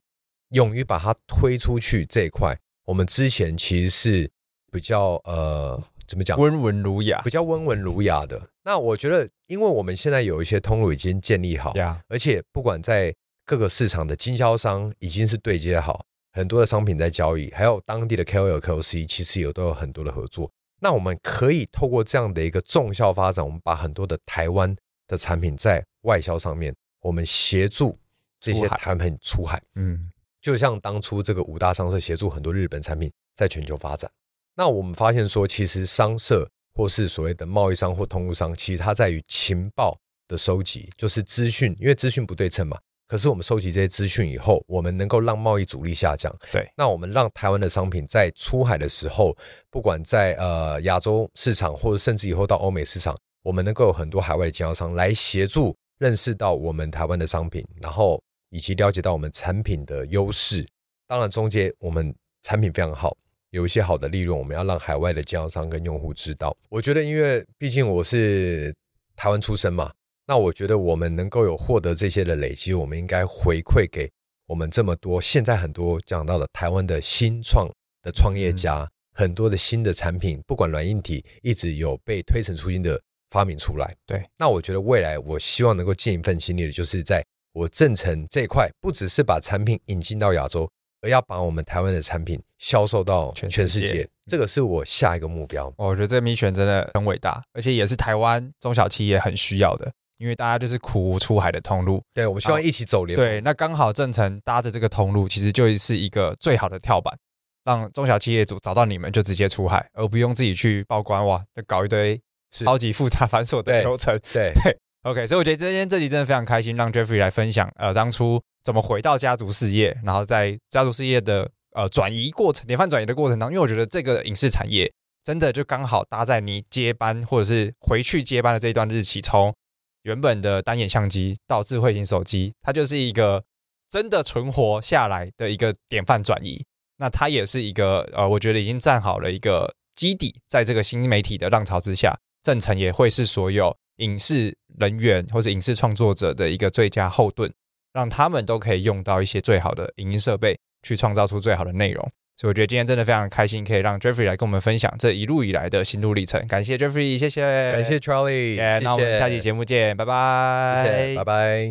Speaker 1: 勇於把它推出去這一塊，我們之前其實是比較呃，怎麼講，溫文儒雅，比較溫文儒雅的。那我覺得，因為我們現在有一些通路已經建立好，yeah. 而且不管在各個市場的經銷商已經是對接好，很多的商品在交易，還有當地的 KOL、KOC 其實也都有很多的合作。那我們可以透過這樣的一個綜效發展，我們把很多的台灣的產品在外銷上面。我們協助這些台灣產品出海，嗯，就像當初這個五大商社協助很多日本產品在全球發展。那我們發現說，其實商社或是所謂的貿易商或通路商，其實它在於情報的收集，就是資訊，因為資訊不對稱嘛。可是我們收集這些資訊以後，我們能夠讓貿易阻力下降。對，那我們讓台灣的商品在出海的時候，不管在呃亞洲市場，或者甚至以後到歐美市場，我們能夠有很多海外的經銷商來協助。認識到我們台灣的商品，然後以及了解到我們產品的優勢。當然，中間我們產品非常好，有一些好的利潤，我們要讓海外的經銷商跟用戶知道。我覺得，因為畢竟我是台灣出身嘛，那我覺得我們能夠有獲得這些的累積，我們應該回饋給我們這麼多。現在很多講到的台灣的新創的創業家，嗯、很多的新的產品，不管軟硬體，一直有被推陳出新的。發明出來，對。那我覺得未來我希望能夠盡一份心力的，就是在我正成這一塊，不只是把產品引進到亞洲，而要把我們台灣的產品銷售到
Speaker 2: 全世全世界，嗯。這個是我下一個目標。我覺得這個米選真的很偉大，而且也是台灣中小企業很需要的，因為大家就是苦無出海的通路。對，我們希望一起走流，啊、對，那剛好正成搭着這個通路，其實就是一個最好的跳板，讓中小企業主找到你們就直接出海，而不用自己去報關。哇，再搞一堆。超級複雜繁瑣的流程對，對、對 OK, 所以我覺得今天這集真的非常開心，讓 Jeffrey 來分享呃，當初怎麼回到家族事業，然後在家族事業的呃轉移過程，典範轉移的過程當中，因為我覺得這個影視產業真的就剛好搭在你接班或者是回去接班的這一段日期，從原本的單眼相機到智慧型手機，它就是一個真的存活下來的一個典範轉移。那它也是一個呃，我覺得已經站好了一個基底，在這個新媒體的浪潮之下。正成也會是所有影視人員或者影視創作者的一個最佳後盾，讓他們都可以用到一些最好的影音設備，去創造出最好的內容。所以我覺得今天真的非常開心，可以讓 Jeffrey 來跟我們分享這一路以來的心路歷程。感謝 Jeffrey，謝謝，感謝 Charlie，yeah, 謝謝，那我們下期節目見，拜拜，謝謝拜拜。